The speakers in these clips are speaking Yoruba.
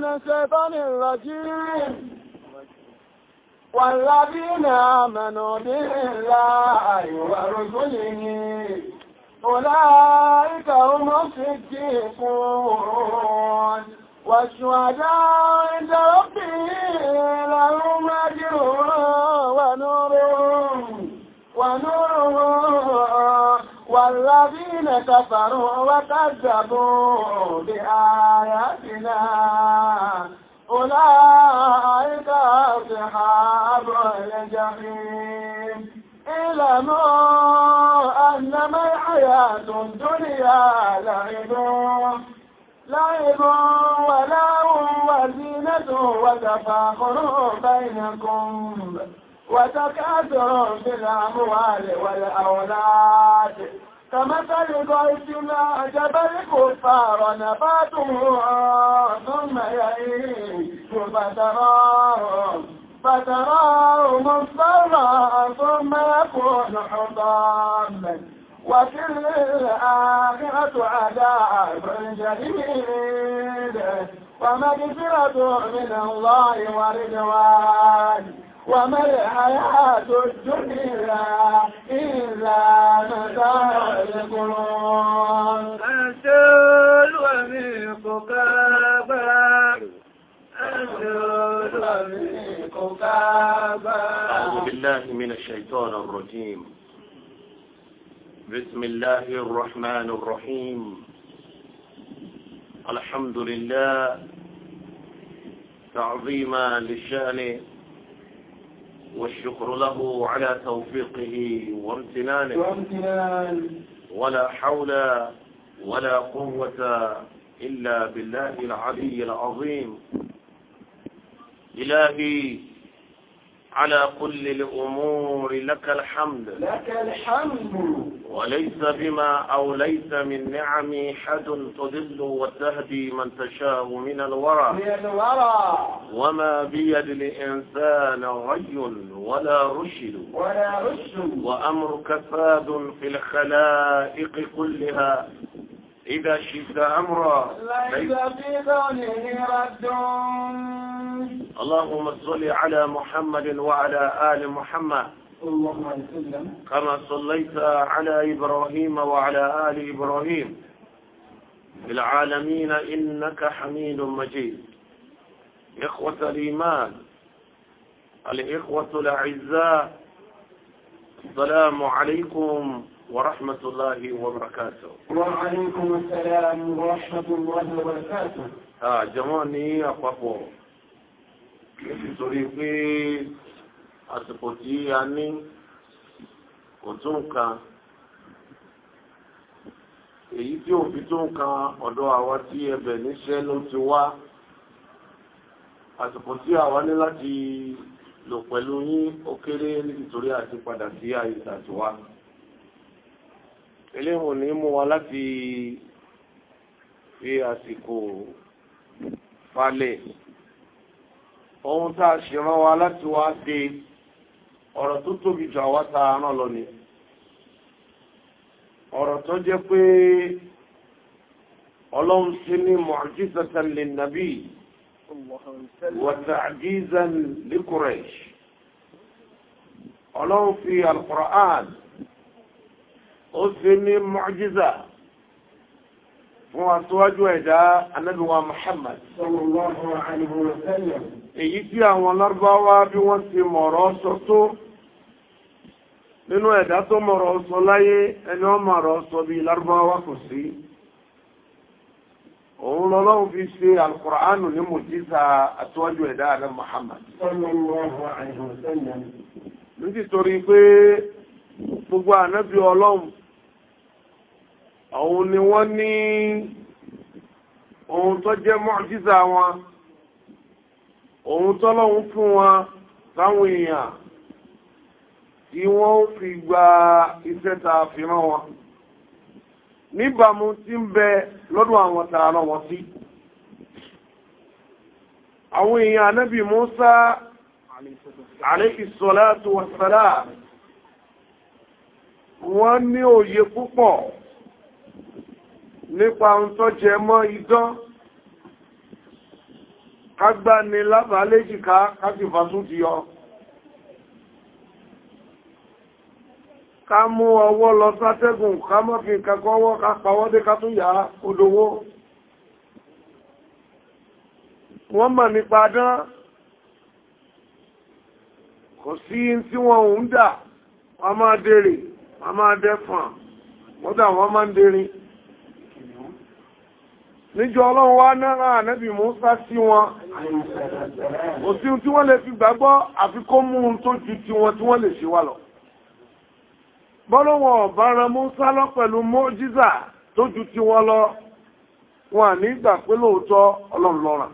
من الشيطان الرجيم والذين آمنوا بالله ورسله أولئك هم الصديقون والشهداء عند ربهم لهم أجرهم الذين كفروا وكذبوا بآياتنا أولئك أصحاب الجحيم اعلموا أنما الحياة الدنيا لعب لعب ولهو وزينة وتفاخر بينكم وتكاثر في الأموال والأولاد كمثل ضعف ما جبل كفار نباته ثم يئيد فتراه فتراه مصفرا ثم يكون حطاما وفي الآخرة عذاب جديد ومغفرة من الله ورضوان وما الحياة الدنيا إلا متاع القرون أنزل وميقك أعوذ بالله من الشيطان الرجيم بسم الله الرحمن الرحيم الحمد لله تعظيما للشأن والشكر له على توفيقه وامتنانه وامتنان ولا حول ولا قوة إلا بالله العلي العظيم إلهي على كل الأمور لك الحمد لك الحمد وليس بما أو ليس من نعمي حد تضل وتهدي من تشاء من الورى من الورى وما بيد الإنسان غي ولا رشد ولا رشد وأمرك فاد في الخلائق كلها إذا شئت أمرا ليس في قوله رد اللهم صل على محمد وعلى آل محمد كما صليت على إبراهيم وعلى آل إبراهيم في العالمين إنك حميد مجيد إخوة الإيمان الإخوة الأعزاء السلام عليكم ورحمة الله وبركاته وعليكم السلام ورحمة الله وبركاته آه جمعني أقفو nítorí pé àsìkò tí a ní kò tó nǹkan èyí tí ò fi tó nǹkan ọ̀dọ̀ àwa tí ẹbẹ̀ níṣẹ́ ló ti wá àsìkò tí àwa ní láti lò pẹ̀lú yín ó kéré nítorí àti padà sí àyíká tó wá eléhùn ní mú wa láti fi àsìkò falẹ̀ ohun tá a ṣe rán wa láti wá ṣe ọ̀rọ̀ tó tóbi jù àwa tá a lọ ni ọ̀rọ̀ tó jẹ́ pé ọlọ́run sí ní mu'jizatan lin-nabi wa ta'jizan li Quraysh ọlọ́run fi al ó ṣe ní mọ́jíza fún aṣíwájú ẹ̀dá ànábì wa èyí tí àwọn lárúbáwá bí wọ́n ti mọ̀rọ̀ sọ tó nínú ẹ̀dá tó mọ̀rọ̀ sọ láyé ẹni wọ́n mọ̀rọ̀ sọ bí lárúbáwá kò sí òun lọ́lọ́run fi ṣe alkùránù ní mọ̀jíza aṣíwájú ẹ̀dá ànábì gbogbo ànábì ọlọ́run àwọn ni wọ́n ní ohun tó jẹ́ mọ́jíza wọn ohun tọ́lọ́hun fún wọn táwọn èèyàn tí wọ́n fi gba iṣẹ́ ta fi rán wọn níbàmú tí ń bẹ lọ́dún àwọn tààrà wọn sí àwọn èèyàn anábì Musa alayhi salatu wassalam wọ́n ní òye púpọ̀ nípa ohun tó jẹ mọ́ idán kágbá ni lábàá léjìká káti fàtún ti yọ ká mú ọwọ́ lọ sátẹ́gùn ká mọ́ fi kakọ́wọ́ ká pàwọ́dé ká tún yà odòwó wọ́n mọ̀ nípa dán kò sí tí wọ́n ń dà wọ́n máa dèrè wọ́n máa dẹ́fàn mọ́dà wọ́n máa ń níjọ́ ọlọ́run wá náà ànẹ́bì Mùsá sí wọn kò sí tí wọ́n lè fi gbàgbọ́ àfikún mú un tó ju ti wọn tí wọ́n lè ṣe wà lọ bọ́lọ́wọ̀n ọ̀bára Mùsá lọ pẹ̀lú mọ́jísà tó ju ti wọn lọ wọn ní ìgbà pé lóòótọ́ ọlọ́run lọ́ra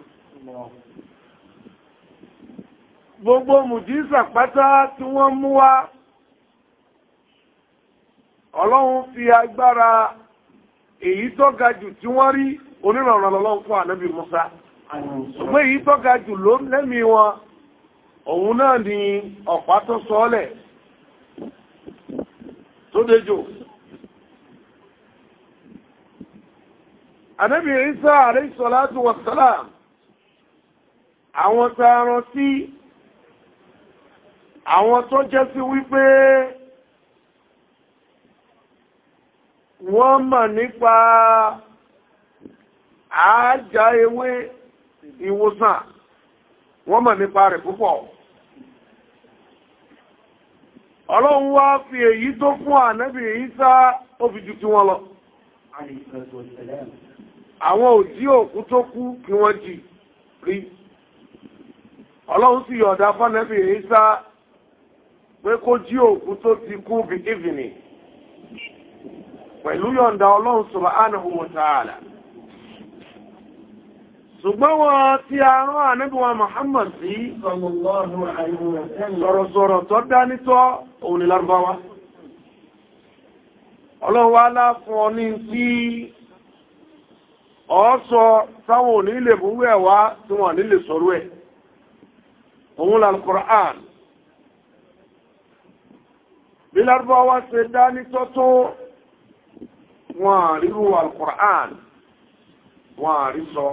gbogbo mùjísà pátá tí wọ́n mú wá ọlọ́run fi agbára èyí tó ga jù tí wọ́n rí onírànràn lọ́lọ́run fún ànábì Musa ṣùgbọ́n èyí tọ́ka jù ló lẹ́mí wọn òun náà ni ọ̀pá tó sọ́ọ́lẹ̀ tó dejò ànábì Isa alayhi salatu wassalam àwọn tààrán sí àwọn tó jẹ́ sí wípé wọ́n mọ̀ nípa àájá ewé ìwòsàn wọ́n mọ̀ nípa rẹ̀ púpọ̀ ọlọ́run wá fi èyí tó fún ànábì Ìsá ó fi jù tí wọ́n lọ àwọn òjí òkú tó kú kí wọ́n jì rí ọlọ́run sì yọ̀dá fánẹ́bì Ìsá pé kó jí òkú tó ti kú bí pẹ̀lú ọlọ́run ṣùgbọ́n wọn tí a rán ànábíwa Muhammad sí sọ̀rọ̀sọ̀rọ̀ tó dá nítọ́ òun ni lárúbáwá ọlọ́wà aláfún ọ ní tí ọ́sọ táwọn òní lè búrú ẹ̀ wá tí wọ́n ní lè ẹ̀ òun lal bí lárúbáwá ṣe dá nítọ́ tó wọ́n ríru al wọ́n rí sọ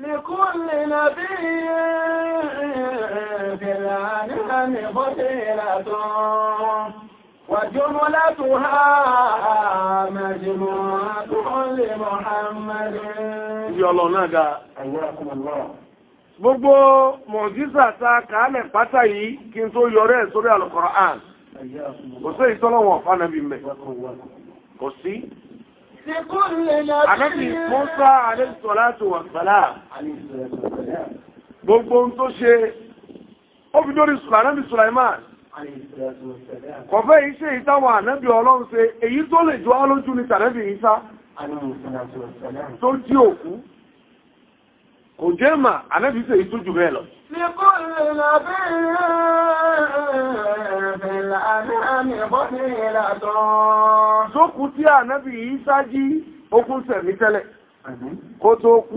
لكل نبي في العنان فضيلة وجملتها مجموعة لمحمد يلا نجا حياكم الله gbogbo mọ̀jísà ta kàálẹ̀ pátá yìí kí n tó yọrẹ́ kò sí ìtọ́lọ́wọ̀n fánàbí mẹ́ kò sí Ànábì Mọ́sá aléṣọ́láàtò wàsàlá. Gbogbo ohun tó ṣe, ó fi lórí Ànábì Sulaiman. Kọ̀fẹ́ iṣẹ́ ìtawà ànábì Ọlọ́run ṣe, èyí tó lè jọ á lójú ní tànábì Ìsá. Tó tí òkú kò jẹ́ mà ànábì ṣe ìtújù bẹ́ẹ̀ lọ. Sókù tí ànábì yìí sájí okùn sẹ̀mí tẹ́lẹ̀ kó tó kú.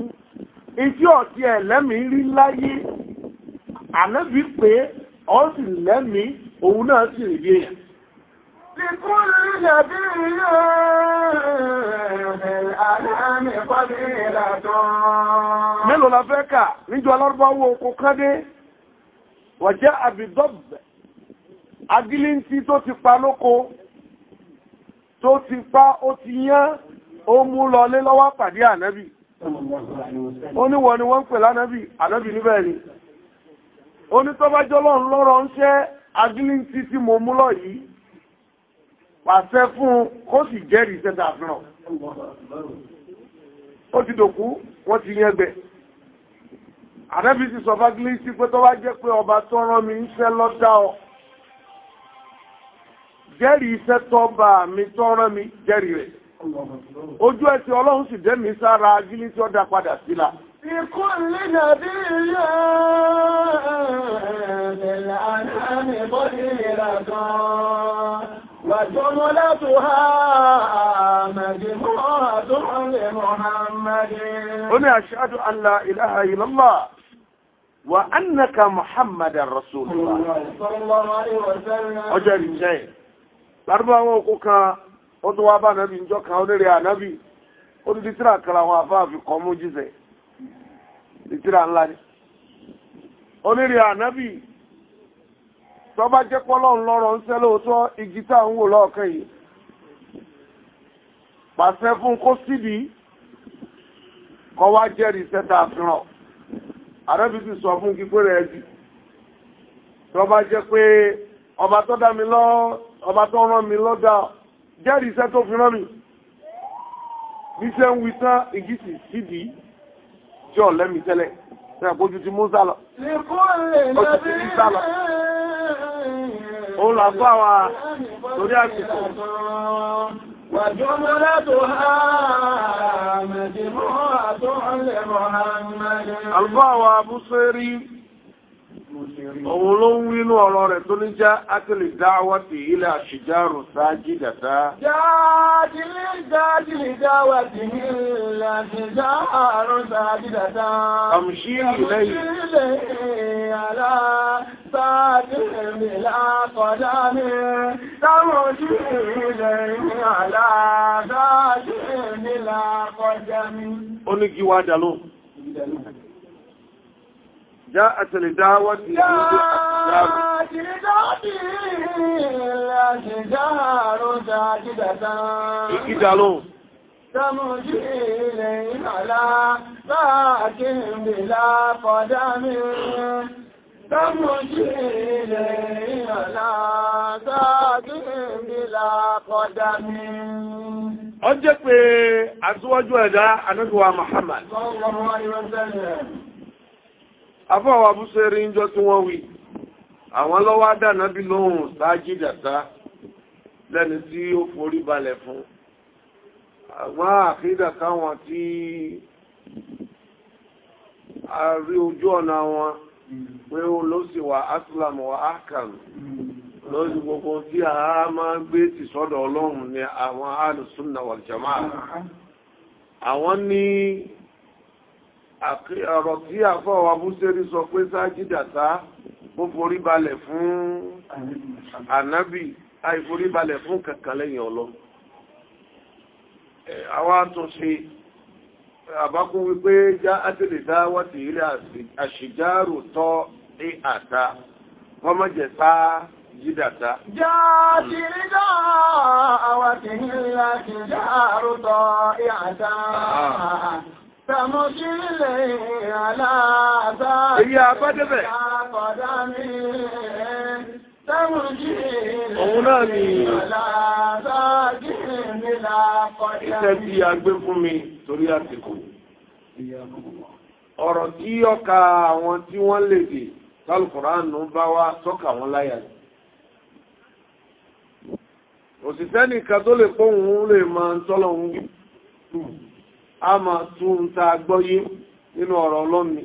Ìtí ọ̀tí ẹ̀ lẹ́mí rí láyé, ànábì pé ọ́ sì lẹ́mí, òun náà sì rí bí èèyàn. لكل نبي في الأنام فضيلة mélòó la fẹ́ kà níjọ́ alárúbáwò kò kádé wàjẹ́ àbìdọ́b agílíntí tó ti pa lóko tó ti pa ó ti yán ó mú lọ lé lọ́wọ́ pàdé ànábì ó ní wọ́n ni wọ́n ń pè lánàbì ànábì níbẹ̀ ni ó ní tọ́bájọ́ lọ́rọ̀ ń ṣẹ́ agílíntí tí mo mú lọ yìí pàṣẹ fún kó sì jẹ́rìí sẹ́ta àfihàn ó ti dòkú wọ́n ti yẹn gbẹ̀ àrẹ́bí ti sọ fagilé sí pé tó wá jẹ́ pé ọba tó rán mi ń fẹ́ lọ́dá ọ jẹ́rìí iṣẹ́ tọ́ba mi tó rán mi jẹ́rìí rẹ̀ ojú ẹsẹ̀ ọlọ́run sì dẹ́mi sára agilé tí ó dá padà síla. Ikú lè dàbí yá ẹ̀ẹ́dẹ̀lá àná mi bọ́ sí وجملتها مجموعة لمحمد أنا أشهد أن لا إله إلا الله وأنك محمد رسول الله صلى الله عليه وسلم أجل جاي لأربعة وقوكا ọdún wa bá nàbí ìjọ kan onírè ànábì ó ní títíra kan àwọn àfáàfi kan mú jíṣẹ́ títíra ńlá ni onírè ànábì tó bá jẹ́ pọ́lọ́run lọ́rọ̀ ń sẹ́ lóòótọ́ igi tá ń wò lọ́ọ̀kan yìí pàṣẹ fún kó síbi kọ́ wá jẹ́rìí sẹ́ta àfihàn àrẹ́bìsì sọ fún igi pé rẹ̀ jù tó bá jẹ́ pé ọba tó dá mi lọ ọba tó rán mi lọ́dà jẹ́rìí sẹ́ tó fi rán mi bí sẹ́ ń wí tán igi sì síbi jọ lẹ́mi tẹ́lẹ̀ ṣe àpójú ti mú sálọ. ó ti ti òun làgbà wa lórí àsìkò Àlùfáà wa bú sórí òun ló ń wínú ọ̀rọ̀ rẹ̀ tó ní já átìlì dáwàtì ilẹ̀ àṣìjárò sáájì dàtà jáàjìlì jáàjìlì dáwàtì ilẹ̀ àṣìjárò sáájì dàtà àmṣí ilẹ̀ àlá sáájì ìrìnlá kọjá ní sáwọ́jì ilẹ̀ جاءت لدعوته جاءت لدعوته الأشجار ساجدة إجدالون تمجي إليهم على باكهم بلا قدم تمجي إليهم على باكهم بلا قدم Ọjẹ́ pé àtúwọ́jú ẹ̀dá Anáduwa Muhammad. Sallallahu alaihi wasallam afọ́wà búṣe rí ń jọ tí wọ́n wí àwọn lọ́wọ́ dànà bí lóhùn sáájì dàtà lẹ́ni tí ó forí balẹ̀ fún àwọn àkídà káwọn tí a rí ojú ọ̀nà wọn pé ó ló sì wà aslam wa akam lórí gbogbo tí a máa gbé ti sọ́dọ̀ ọlọ́run ni àwọn alùsùn náà wal jamaa ọ̀rọ̀ tí àfọwà búṣẹ́rí sọ pé sájídàtá ó forí balẹ̀ fún ànábì àìforí balẹ̀ fún kankan lẹ́yìn ọlọ́ àwọn àtúnṣe àbákún wípé já átìlẹ̀ dáwà tí ilẹ̀ àṣìjárò tọ́ ní àta wọ́n mọ́ jẹ sáà jídàtá. já Tàmọ̀sílẹ̀ aláàbá èyí àbádẹ́bẹ̀. Òun náà ni iṣẹ́ tí a gbé fún mi torí àsìkò. Ọ̀rọ̀ tí ọkà àwọn tí wọ́n lè dè tálùkùránù bá wá sọ́kà wọn láyà. Òsìsẹ́ nìkan tó lè pọ́hùn ún lè máa ń tọ́lọ̀ ń wí ama ma tún ń ta gbọ́yé nínú ọ̀rọ̀ ọlọ́ni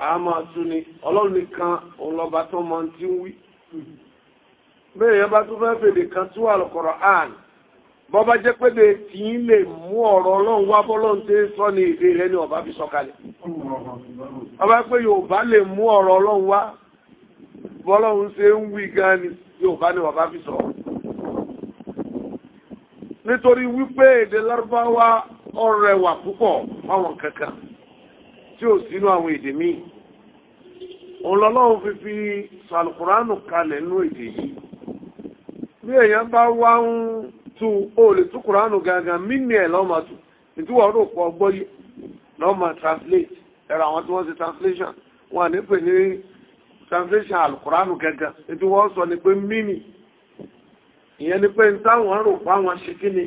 a ma tún ni ọlọ́ni kan ọlọ́ba tó mọ tí ń wí bẹ́ẹ̀ yẹn bá tún fẹ́ fèdè kan tún àlùkọ̀rọ̀ àn bọ́ bá jẹ́ pé de tí ń lè mú ọ̀rọ̀ ọlọ́run wá bọ́lọ́run tẹ́ sọ ní èdè rẹ ni ọba fi sọ̀kalẹ̀ ọba pé Yorùbá lè mú ọ̀rọ̀ ọlọ́run wá bọ́lọ́run ṣe ń wí gan ni Yorùbá ni ọba fi sọ̀rọ̀ nítorí wípé èdè lárúbáwá ọrẹwà púpọ̀ fáwọn kankan tí ò sínú àwọn èdè míì ọlọ́lọ́run fi fi sàlùkùránù kalẹ̀ nínú èdè yìí bí èèyàn bá wá ń tu olè tú kùránù gangan mínú ẹ̀ lọ́mà tù ìtúwọ̀ rò pọ̀ gbọ́ yìí lọ́mà translate ẹ̀rọ àwọn tí wọ́n ṣe translation wọn à ní pè ní translation alùkùránù gangan ìtúwọ̀ sọ ni pé mínú ìyẹn ni pé táwọn rò pa wọn ṣe kí ni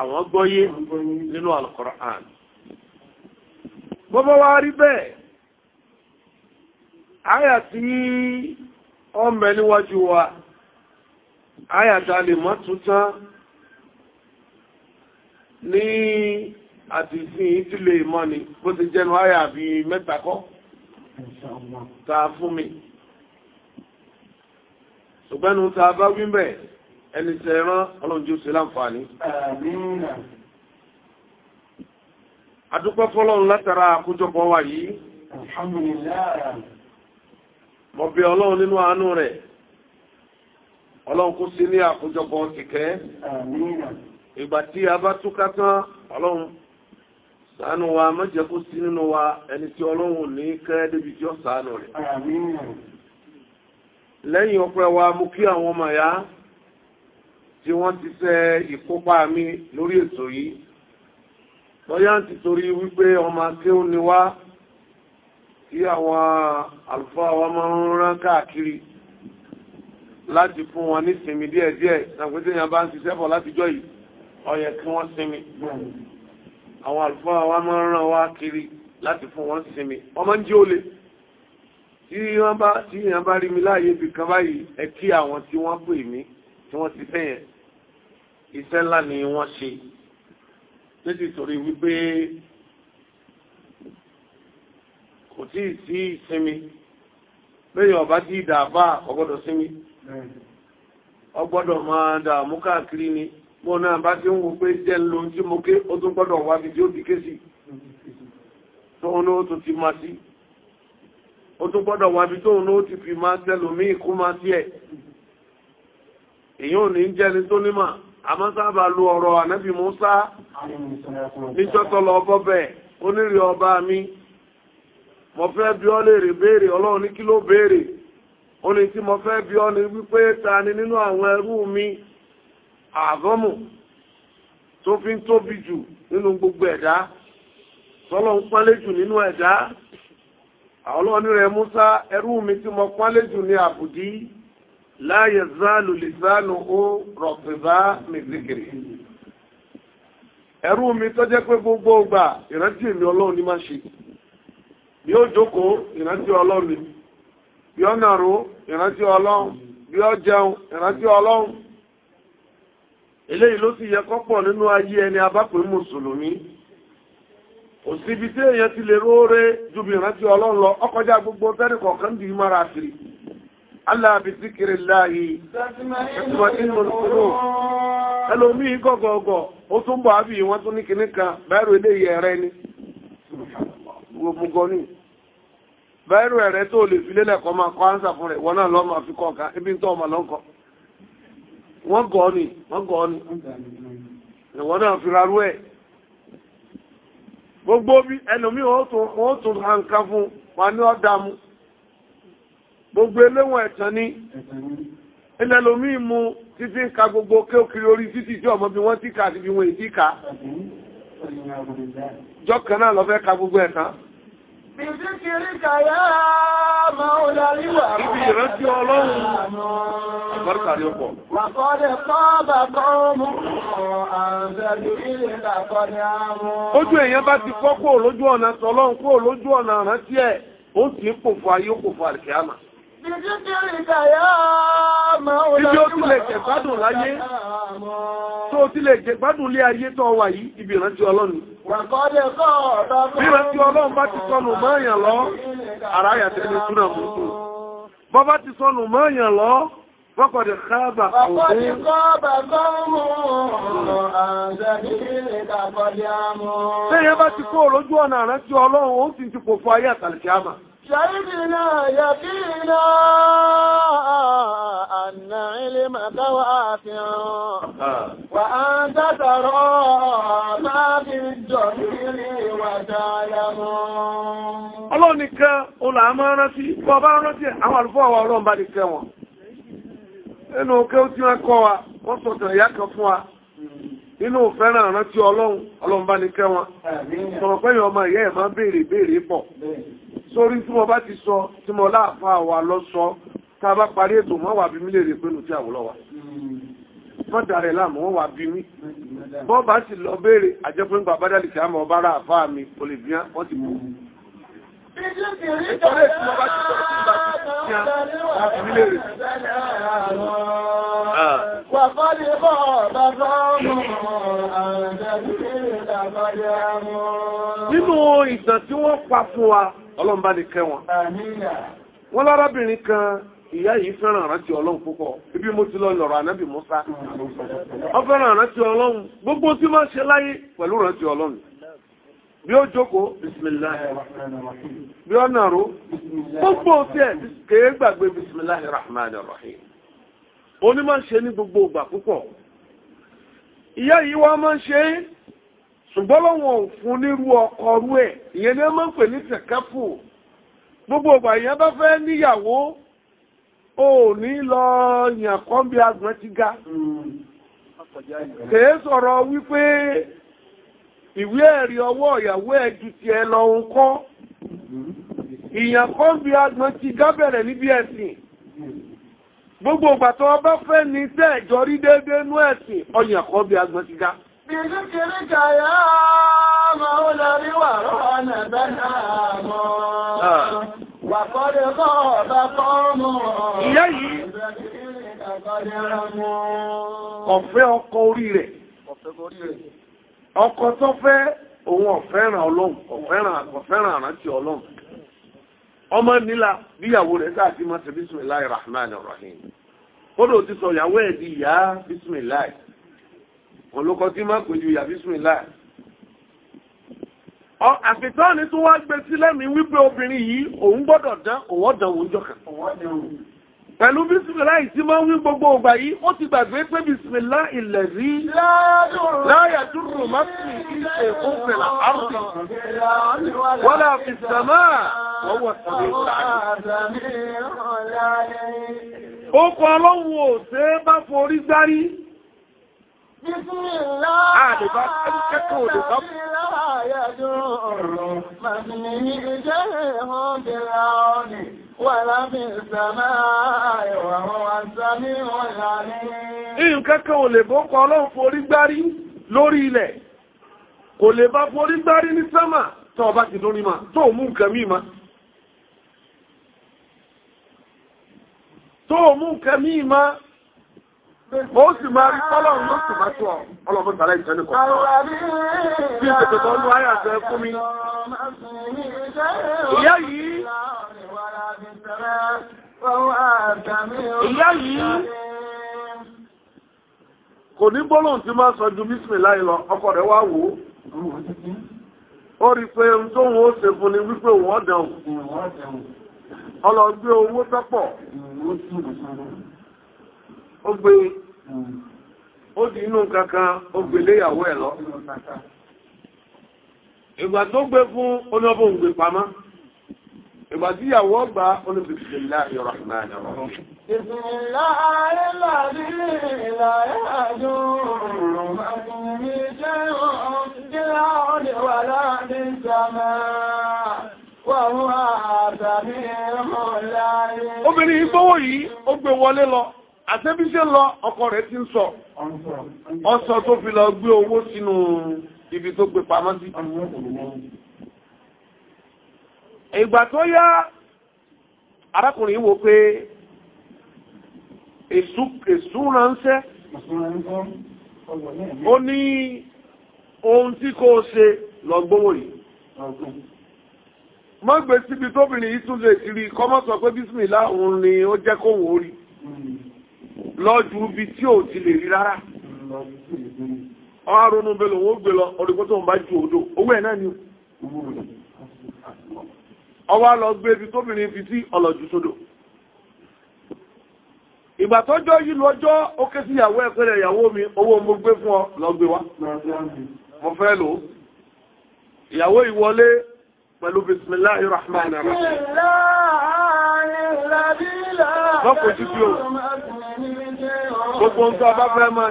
àwọn gbọ́yé nínú Al-Qur'an bọ́bọ́ wá rí bẹ́ẹ̀ àyà tí ọmọ níwájú wa àyà tá lè mọ́ tuntun ní àtìsìn ìtìlè ìmọ́ ni bó ti jẹ́nu àyà bí mẹ́ta kọ́ ta fún mi ṣùgbẹ́nu ta bá wí bẹ́ẹ̀ ẹni tẹ́ rán ọlọ́njú sí láǹfààní. Adúpẹ́ látara àkójọpọ̀ wa yìí. Mo bẹ ọlọ́run nínú àánú rẹ̀. Ọlọ́run sí ní àkójọpọ̀ kìkẹ́. Ìgbà tí a bá túká tán, ọlọ́run ṣàánú wa mẹ́jẹ sí nínú wa ẹni tí ọlọ́run ní kẹ́ tí wọ́n ti ṣe ìkópa mi lórí ètò yìí lọ́yà ń ti torí wípé ọmọ akéwù ni wá tí àwọn àlùfáà wa máa ń rán káàkiri láti fún wọn ní sinmi díẹ̀díẹ̀ sàpètè yẹn bá ń ṣiṣẹ́ bọ̀ látijọ́ yìí ó yẹ kí wọ́n sinmi àwọn àlùfáà wa máa ń rán wa kiri láti fún wọn sinmi ọmọ ń jẹ́ olè tí wọ́n tí èèyàn bá rí mi láàyè ibì kan báyìí ẹ kí àwọn tí wọ́n pè mí tí wọ́n ti fẹ́ yẹn iṣẹ́ ńlá ni wọ́n ṣe lẹ́sìn torí wípé kò tí ì sí ìsinmi lẹ́yìn ọba tí ìdàbà ọgbọ́dọ̀ sinmi ọgbọ́dọ̀ máa dààmú káàkiri ni mo náà bá ti ń wo pé jẹ́ ló ń tí mo ké ó tún gbọ́dọ̀ wá bí tí ó ti ké sí tóun náà tó ti máa sí ó tún gbọ́dọ̀ wá bí tóun náà ti fi máa tẹ́lòmí ìkú máa sí ẹ̀ èyí ò ní jẹ́ni tó nímà amasa sábà lu ọ̀rọ̀ ànábì Musa níjọ́ tó lọ bọ́bẹ̀ ọba mi mo fẹ́ bi ọ́ léèrè béèrè ọlọ́run ní kí ló béèrè ó ní tí fẹ́ ọ́ ní wípé ta ni nínú àwọn ẹrú mi àgọ́mù tó fi ń tóbi jù nínú gbogbo ẹ̀dá ń Musa ẹrú mi tí la yazalu lisanuhu rọ̀fìbá mi zikiri ẹ̀rú mi tó jẹ́ pé gbogbo ọgbà ìrántí mi ọlọ́run ni máa ṣe bí ó jókòó ìrántí ọlọ́run bí ó nàró ìrántí bí ó jẹun ìrántí ọlọ́run eléyìí ló sì yẹ kọ́pọ̀ nínú ayé ẹni mùsùlùmí tí èèyàn ti gbogbo dì í mara ala bi zikiri láàyè, ẹ̀tùmọ̀ Ẹlòmí gọ́gọ́gọ́, ó tún bọ̀ ábí wọ́n tún ní kìíní bẹ́rù ilé rẹ ni. Gbogbo ní. Bẹ́rù ẹ̀rẹ́ tó lè fi lélẹ̀ kọ́ máa kọ́ ánsà fún rẹ̀, wọ́n náà ibi tó ọmọ lọ́nkọ́. Wọ́n gọ́ ni, wọ́n gọ́ ni. gbogbo eléwọ̀n ẹ̀tàn ni ilẹ̀ mu títí ń ka gbogbo orí títí tí ọmọ bí wọn ti kà bí wọn èdí ka gbogbo ẹ̀tàn Bìbí kiri kàyà máa ń darí wà. Ibi ìrántí ọlọ́run. Àbárùkàrí ọ̀pọ̀. Ojú èèyàn bá ti lójú ọ̀nà lójú ọ̀nà rántí ẹ̀, ó sì ń pòfò ayé ó pòfò Ibi ó tilẹ̀ jẹ gbádùn láyé, tó tilẹ̀ jẹ gbádùn lé ayé tó wà yìí, ibi ìrántí ọlọ́run. Ìrántí ọlọ́run bá ti sọnù mọ́ọ̀yàn lọ, ara yà tẹ́lẹ̀ súnà mú tó. Bọ́ bá ti sọnù mọ́ọ̀yàn lọ, Wọ́kọ̀dẹ̀ káàbà ọ̀hún. Wọ́kọ̀dẹ̀ káàbà gọ́ọ̀mù àjẹ́ ilé ìdàkọ̀dẹ̀ àmọ́. Tẹ́yẹ bá ti kó lójú ọ̀nà àrántí ọlọ́run, ó sì ti pò fún ayé àtàlẹ̀kẹ́ àmà. شهدنا يقينا أن علمك واسع وأنت ترى ما في الجميل وتعلم Ọlọ́run nìkan olàmọ́ rántí, bọ́bá rántí àwọn àlùfọ́ àwọn bá nìkan wọn. Nínú òkè ó wọ́n kọ́ wa, wọ́n ìyá kan fún wa. Nínú òfẹ́ràn ọlọ́run, ọlọ́run bá nìkan wọn. Sọ̀rọ̀ ọmọ ìyá ẹ̀ sórí tí mo bá ti sọ tí mo láàfà wà lọ sọ tá a bá parí ètò wọ́n wà bí mí léèrè pé nù tí àwòlọ́ wa wọ́n dàrẹ̀ láàmú wọ́n wà bí mí bọ́ bá sì lọ béèrè àjẹpẹ́ ń gbà bá dàlì kí á mọ̀ mi olè bíyàn wọ́n ti mú Ìtọ́lé Nínú ìtàn tí wọ́n pa fún wa, ní kẹ́ wọn. Wọ́n lárábìnrin kan ìyá yìí fẹ́ràn ọlọ́run púpọ̀ ibi mo ti lọ lọ̀rọ̀ ànábì fẹ́ràn ọlọ́run gbogbo tí máa ṣe láyé pẹ̀lú bí ó jókòó bí ó nàró gbogbo tí ẹ̀ kèé gbàgbé bismillahir rahmanir rahim oní máa ń ṣe ní gbogbo ìgbà púpọ̀ ìyá yìí wá máa ń ṣe ṣùgbọ́n lọ́wọ́ fún nírú ọkọ rú ẹ̀ ìyẹn ni wọ́n máa ń pè ní tẹ̀kẹ́fù gbogbo ìgbà ìyẹn bá fẹ́ níyàwó ò ní lọ yàn kọ́ bí agbọ̀n ti ga hmm. kèé sọ̀rọ̀ wípé ìwé ẹ̀rí ọwọ́ ìyàwó ẹ̀ ju ti ẹ lọ ń kọ́ ìyàn kan bí agbọn ti gábẹ̀rẹ̀ níbi ẹ̀sìn gbogbo ìgbà tó ọba fẹ́ ní tẹ́ ẹ̀jọ́ rí déédéé nú ẹ̀sìn ọyàn kan bí agbọn ti gá ah. Ìyá yìí, ọ̀fẹ́ ọkọ̀ orí rẹ̀ ọkọ tó fẹ́ òun ọ̀fẹ́ràn ọlọ́run ọ̀fẹ́ràn àrántí ọlọ́run ọmọ nílà bíyàwó rẹ̀ sáà ti máa ṣe bísímìláì rahman rahim kódò ti sọ ìyàwó ẹ̀ di ìyá bísímìláì olùkọ́ tí máa pèjú ìyá bísímìláì àfitọ́ni tó wá gbé sílẹ̀ mi wípé obìnrin yìí òun gbọ́dọ̀ dán òwò dán òun jọkàn pẹ̀lú bísìmìlá ìsí máa wí gbogbo ọgbà yìí ó ti gbàgbé pé bísìmìlá ilẹ̀ rí láyà dúró mọ́sí ìṣe òfìlà àrùn wọ́lá fi sàmà lọ́wọ́ sàmì ìlànà ó kọ ọlọ́wọ́ òṣè bá forí gbárí Àdìbá kẹ́kọ̀ọ́ òdìbá. Bísìmìlá wàlábí ìsàmá ní. ò lè bó kọ ọlọ́run forí gbárí lórí ilẹ̀, kò lè bá forí gbárí ní ọba tó bá ti lórí ma, tó mú nǹkan mí ma. Tó mú ma, ó sì máa rí fọ́lọ́run máa tó ọlọ́run Bí tó ń Ìyá yìí kò ní bọ́lọ̀n tí máa sọ ju bísmìláì lọ, ọkọ rẹ̀ wá wò ó. Ó rí pé ohun tó wọ́n ó ṣe fún ni wípé wọ́n dẹ̀hùn. Ọlọ́gbé owó tọ́pọ̀. Ó gbé ó di inú kankan ó gbé léyàwó ẹ̀ lọ. Ìgbà tó gbé fún oníọ́bùn gbé pamọ́ ìgbà tí ìyàwó ọgbà olùbìsìlá ìrọ̀hìmá ìrọ̀ obìnrin ìgbówó yìí ó gbé wọlé lọ àtẹ́bíṣẹ́ lọ ọkọ rẹ̀ ti ń sọ ọ̀sọ̀ tó fi lọ gbé owó sínú ibi tó gbé pamọ́ sí ìgbà tó yá arákùnrin wo pé èsù ránṣẹ́ ó ní ohun tí kò ṣe lọ́gbówó yìí mọ́ gbé síbi tóbìnrin yìí tún lè ti rí sọ pé bísmìlá òun ni ó jẹ́ kó wò rí bí tí ò ti lè rí rárá ọwá lọ gbé ibi tóbìnrin fi sí ọlọ́jú sódò ìgbà tọ́jọ́ yìí lọ́jọ́ ó ké sí ìyàwó ẹ̀pẹ́ rẹ̀ ìyàwó mi owó mo gbé fún ọ lọ gbé wá mo fẹ́ lò ó ìyàwó ìwọlé pẹ̀lú bismillahir rahmanir rahim lọ́pọ̀ títí o gbogbo nǹkan bá fẹ́ máa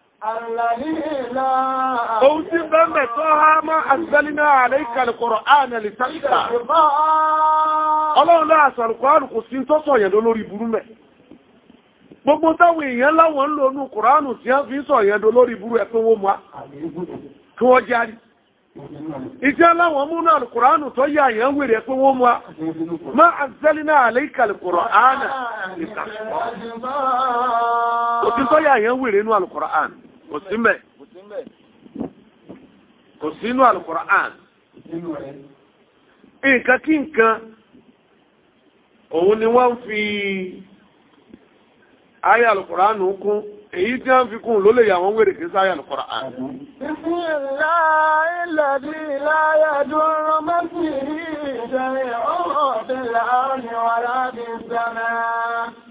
Òun tí bẹ́m̀bẹ̀ tó ha mọ́ àgbẹ́línà àlẹ́kàlẹ̀ kọ̀rọ̀ ààrẹ lè sáríkà. Ọlọ́run náà sàrùkọ́ àrùkù sí tó sọ̀yẹ̀ lórí burú mẹ́. Gbogbo táwọn èèyàn láwọn ń lónú Kùránù tí a fi buru lórí burú ẹ̀ tó wó mọ́ kí wọ́n járí. kò sí mbẹ̀ kò sí inú alukur'an kí nkan, òun ni wọ́n fi ayé alukur'an kún èyí tí a wọ́n fi kún ló lè yà wọ́n wèrè kí sáyé alukur'an. Bismillahi alladhi la yadurru mafihi shay'un fil ardi wa la fis samaa.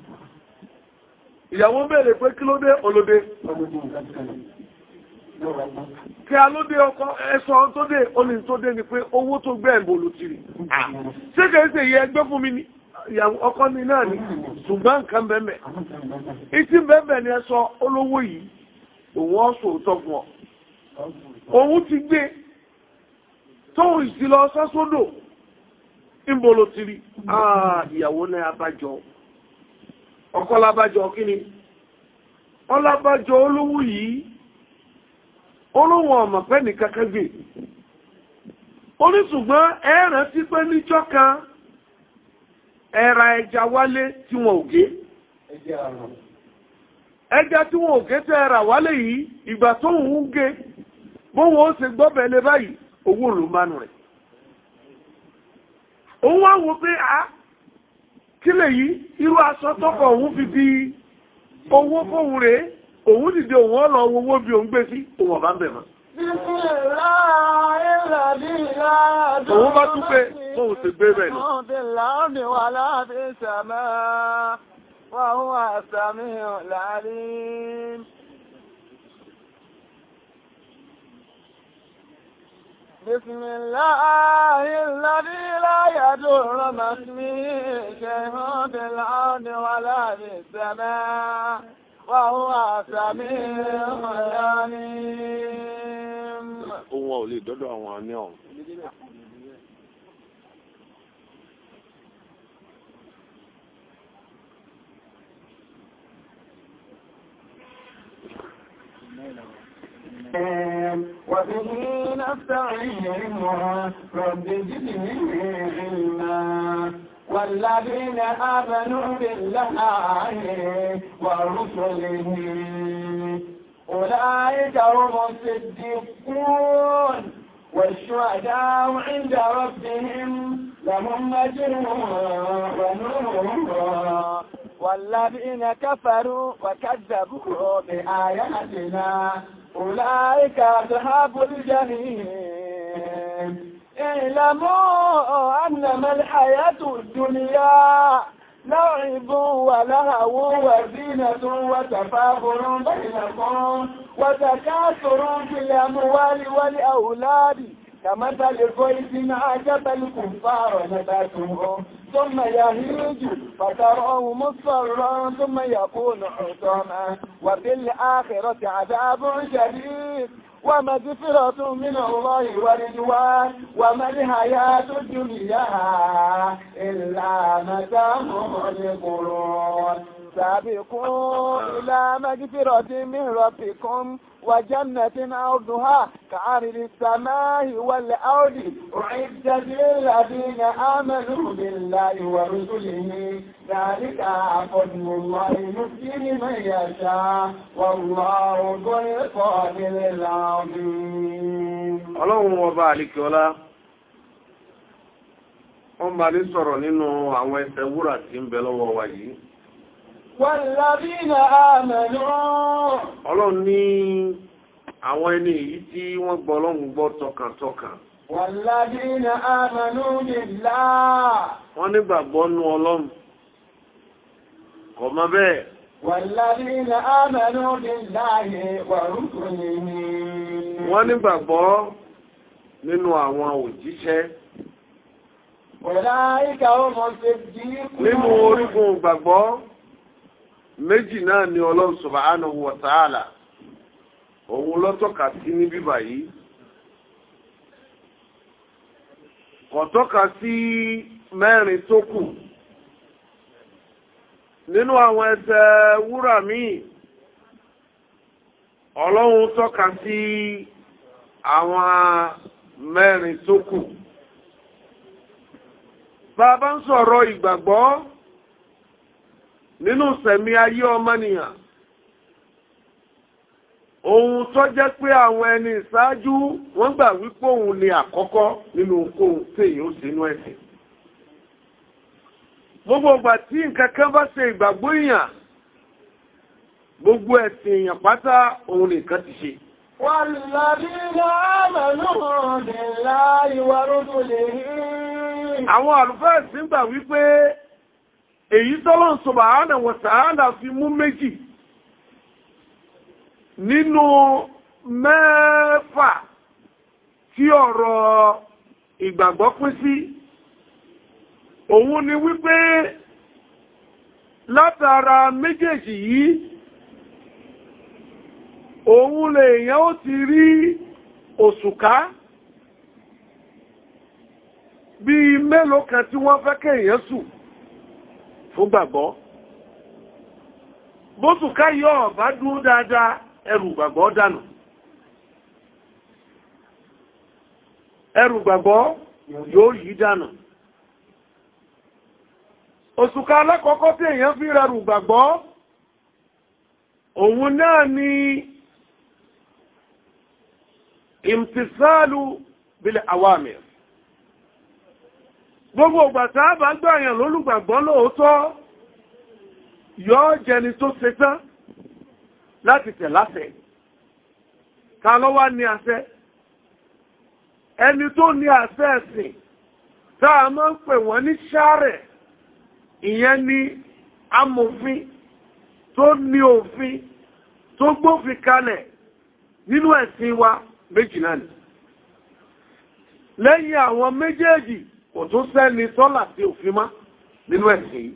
ìyàwó bẹ̀rẹ̀ pé kí ló dé olóde kí a ló dé ọkọ ẹ̀sọ́ tó dé olè tó dé ni pé owó tó gbẹ́ ẹ̀bọ̀ ló ti ṣé kìí ṣe ìyẹ ẹgbẹ́ fún mi ni ìyàwó ọkọ ni náà ni ṣùgbọ́n nǹkan bẹ́ẹ̀mẹ̀ ìtí bẹ́ẹ̀mẹ̀ ni ẹ̀sọ́ olówó yìí òun ọ̀sọ̀ òótọ́ fún ọ òun ti gbé tóun ìsìlọ sásódò ń bọ̀ ló ti rí ah, ìyàwó náà abájọ ọ̀kọ́lábájọ kíni ọlábájọ olówó yìí olówó ọmọ pẹ́ ní kakagbè oníṣùgbọ́n ẹ̀rẹ̀ tí pé níjọ́ kan ẹ̀rà ẹja wálé tí wọn ò gé ẹja tí wọn ò gé tẹ́ ẹ̀rà wálé yìí ìgbà tó ń gé ṣe báyìí owó kí lè yí irú aṣọ tọ́kọ̀ òun fi bí owó fóun rẹ̀ òun dìde òun ọ̀nà owó bí òun gbé sí òun ọ̀bá ń bẹ̀ mọ́ òun bá tún pé fóun ti gbé bẹ̀ lọ بسم الله الذي لا يدور ما اسمه شيء في الأرض ولا في السماء وهو سميع عليم Ohun ò lè dọ́dọ̀ àwọn àmì ọ̀hún. Thank you. وبه نستعين رب زدني علما والذين آمنوا بالله ورسله أولئك هم الصديقون والشهداء عند ربهم لهم أجر ونور والذين كفروا وكذبوا بآياتنا أولئك أصحاب الجحيم اعلموا أنما الحياة الدنيا لعب ولهو وزينة وتفاخر بينكم وتكاثر في الأموال والأولاد كمثل الفيل عجب الكفار نباتهم ثم يهيج فتراه مصرا ثم يكون حكما وفي الآخرة عذاب شديد ومغفرة من الله ورضوان وما الحياة الدنيا إلا متاع القرون سابقوا إلى مغفرة من ربكم وجنة أرضها كعرض السماء والأرض أعدت للذين آمنوا بالله ورسله ذلك فضل الله يؤتيه من يشاء والله ذو الفضل العظيم ọlọ́run ọba àlìkọ́lá wọ́n bá ní sọ̀rọ̀ nínú àwọn Wàlàbínà àmàlú. Ọlọ́run ní àwọn ẹni èyí tí wọ́n gbọ́ ọlọ́run gbọ́ tọkàntọkàn. Wàlàbínà àmàlú nìlá. Wọ́n nígbàgbọ́ nú ọlọ́run. Kọ̀ mọ́ bẹ́ẹ̀. Wàlàbínà àmàlú nìlá Wọ́n nígbàgbọ́ nínú àwọn òjíṣẹ́. Wọ̀lá ìkà ọmọ ṣe dìí Nínú orígun ìgbàgbọ́ méjì náà ni ọlọ́run subhanahu wa ta'ala òun lọ́tọ́ka sí ní bíbà yìí kọ̀tọ́ka sí mẹ́rin tó kù nínú àwọn ẹsẹ̀ wúrà míì ọlọ́run tọ́ka sí àwọn mẹ́rin tó kù bá bá ń sọ̀rọ̀ ìgbàgbọ́ nínú sẹ̀mí ayé ọmọnìyàn ohun tó jẹ́ pé àwọn ẹni ìṣáájú wọ́n gbà wípé òun ni àkọ́kọ́ nínú ohunkóhun tí èyí ó sínú ẹ̀sìn gbogbo ìgbà tí nǹkan bá ṣe ìgbàgbọ́ èèyàn gbogbo ẹ̀sìn èèyàn pátá òun nìkan ti ṣe àwọn àlùfáà sí gbà wípé èyí tọ́lọ́n subhana wa ta'ala fi mú méjì nínú mẹ́fà tí ọ̀rọ̀ ìgbàgbọ́ pín sí òun ni wípé látara méjèèjì yìí òun lè èèyàn ó ti rí òṣùká bí mélòó kan tí wọ́n fẹ́ kẹ́ èèyàn sùn fún gbàgbọ́ bó tún káyọ̀ ọ̀bá dúró dáadáa ẹrù gbàgbọ́ dànù ẹrù gbàgbọ́ yóò yí dànù òṣùká alákọ̀ọ́kọ́ tí èèyàn fi rẹrù gbàgbọ́ òun náà ni imtisalu bil awamir gbogbo ògbàtà bá gbọ́ èèyàn lólùgbàgbọ́ lóòótọ́ yọ́ jẹni tó ṣe tán láti tẹ̀ láṣẹ ta ló wá ní àṣẹ ẹni tó ní àṣẹ ẹ̀sìn tá a ń pè wọ́n ní ṣáàrẹ̀ ìyẹn ni amòfin tó ní òfin tó gbófin kalẹ̀ nínú ẹ̀sìn wa méjì náà ni lẹ́yìn àwọn méjèèjì kò tún sẹ́ni tọ́là sí òfin má nínú ẹ̀sìn yìí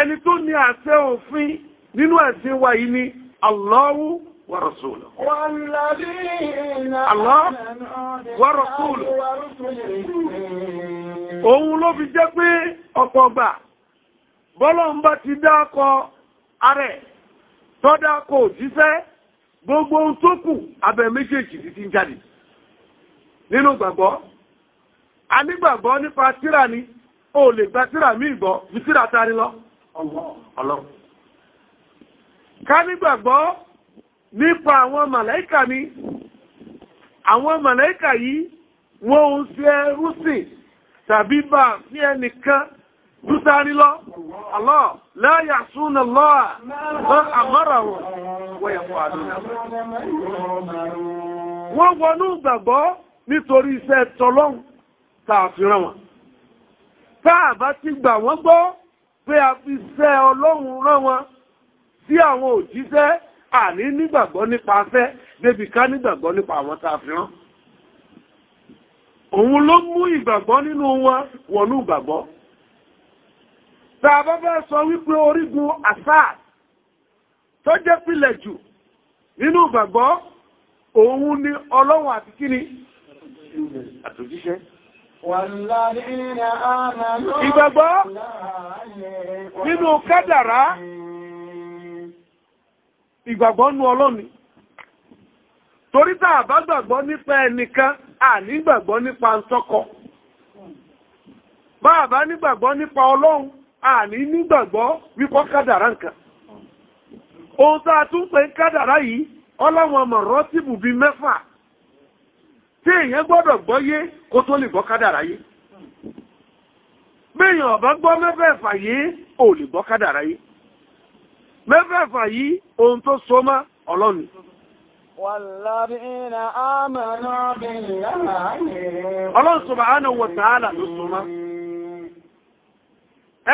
ẹni tó ní àṣẹ òfin nínú ẹ̀sìn wa yìí ni Allahu wa òun ló fi jẹ́ pé ọ̀pọ̀ gbà ti dákọ òjíṣẹ́ gbogbo abẹ méjèèjì ti ti a nígbàgbọ́ nípa tíra ni o lè gba tíra mí ìgbọ́ ní tíra tani lọ ọlọ́run ká nígbàgbọ́ nípa àwọn màláìkà ni àwọn màláìkà yìí wọ́n ń ṣe ẹrúsìn tàbí bá ní ẹnìkan Dúsárí lọ, Allah láyà súnà lọ́à táà fi rán wọn táà bá ti gbà wọ́n gbọ́ pé a fi ṣẹ́ ọlọ́run rán wọn sí àwọn òjíṣẹ́ àní nígbàgbọ́ nípa afẹ́ débi ká nígbàgbọ́ nípa àwọn táà fi rán òun ló mú ìgbàgbọ́ nínú wọn wọ̀nú ìgbàgbọ́ táà bá sọ wípé orígun àsáà tó jẹ́ pìlẹ̀ jù nínú ìgbàgbọ́ òun ni ọlọ́run àti kíni àtòjíṣẹ́ Ìgbàgbọ́ nínú kádàrá ìgbàgbọ́ nú ọlọ́ni. Torí tàà bá gbàgbọ́ nípa ẹnìkan, à nígbàgbọ́ nípa ǹtọ́kọ. Báà bá nígbàgbọ́ nípa ọlọ́run, à ní nígbàgbọ́ wípọ́ kádàrá nǹkan. Ohun tàà tún pé kádàrá yìí, ọlọ́run ọmọ rọ́tìbù bí mẹ́fà tí èyàn gbọ́dọ̀ yé kó tó lè gbọ́ kádàrá yé bẹ́yàn ọ̀bá gbọ́ mẹ́fẹ̀ẹ̀fà yé ò lè gbọ́ kádàrá yé mẹ́fẹ̀ẹ̀fà yí ohun tó so má ọlọ́ni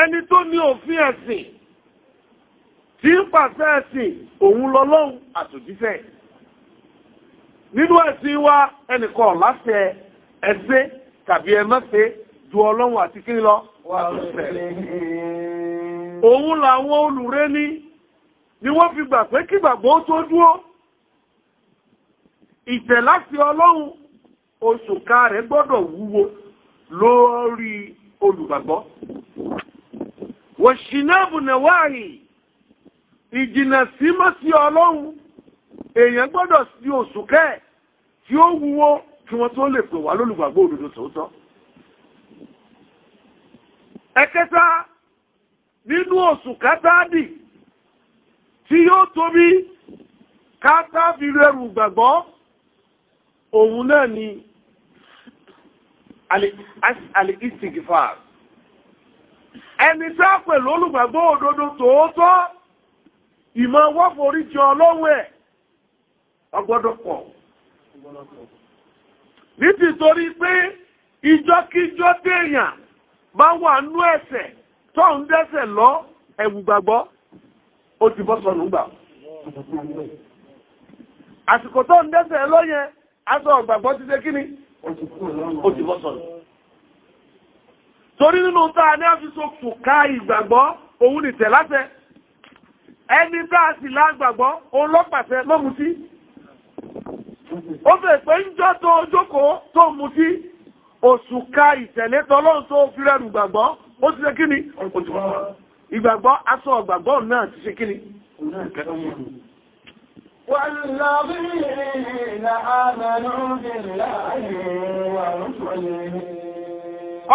ẹni tó ní òfin ẹ̀sìn tí ń pàṣẹ nínú ẹ̀sìn wa ẹnìkan láṣẹ ẹ̀ṣẹ̀ tàbí ẹmẹ́ṣe ju ọlọ́run àti kí lọ òun làwọn olùré ní ni wọ́n fi gbà pé kí gbàgbọ́ tó dúró ìtẹ̀ láti ọlọ́run oṣùká rẹ̀ gbọ́dọ̀ wúwo lórí olùgbàgbọ́ wọ̀ṣìnàbùnẹ̀wáyì ìjìnà sí mọ́ sí ọlọ́run èèyàn gbọ́dọ̀ sí oṣù kẹ́ẹ̀ tí ó wúwo kí wọ́n tó lè pè wá lólùgbàgbọ́ òdodo tòótọ́ ẹ̀kẹta nínú oṣù kátàdì tí yóò tóbi kátà gbàgbọ́ òun náà ni alìkìsìgìfàr ẹni tá pẹ̀lú olùgbàgbọ́ òdodo tòótọ́ ìmọ̀ wọ́forí jọ ọlọ́wọ́ ẹ̀ ọgbọ́dọ̀ pọ̀ torí pé ìjọkíjọ téèyàn bá wà nú ẹ̀ṣẹ̀ tó ń lọ ẹ̀wù gbàgbọ́ ó ti bọ́ sọnù gbà àsìkò tó ń dẹ́ṣẹ̀ lọ aṣọ ọ̀gbàgbọ́ ti ṣe kíni ó ti bọ́ sọnù torí nínú tá a ní àfisòkù ìgbàgbọ́ òun láṣẹ ẹni tá a sì lágbàgbọ́ òun ó fẹ́ pé ń jọ́ tó jókòó tó mutí oṣù ka ìtẹ̀lé tọ́lọ́run tó fi rẹrù gbàgbọ́ ó ti ṣe kí ni ìgbàgbọ́ aṣọ ọ̀gbàgbọ́ náà ti ṣe kí ni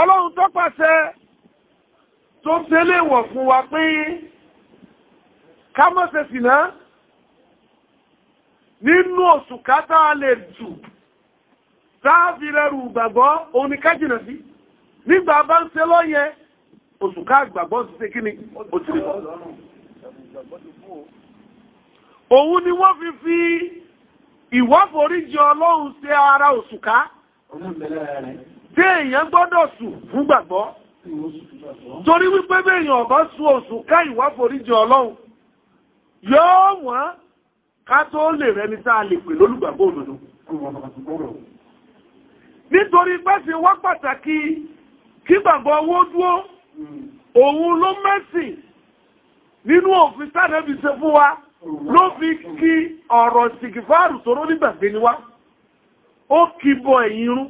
Ọlọ́run tó pàṣẹ tó tẹ́lẹ̀ fún wa pé ká má ṣe sìná nínú oṣù kátà lè jù sáàfi rẹrù gbàgbọ́ oníkájìnà sí nígbà bá ń ṣe lọ́yẹ oṣù ká gbàgbọ́ sí ṣe kíni òtìrìbọ̀ òun ni wọ́n fi fi ìwọ́foríjì ọlọ́run ṣe ara oṣù ká tí èèyàn gbọ́dọ̀ sù fún gbàgbọ́ torí wípé bẹ́ẹ̀yàn ọ̀bá sù oṣù ká ìwọ́foríjì ọlọ́run yóò wọ́n ká tó lè rẹni sáà lè pè lólùgbàgbọ́ òdodo nítorí pẹ́sì wá pàtàkì kí gbàgbọ́ owó dúó òun ló mẹ́sìn nínú òfin sáàdẹ́bì ṣe fún wa ló fi kí ọ̀rọ̀ sìkìfáàrù tóró nígbàgbé ni wá ó kìbọ̀ ẹ̀yìn rún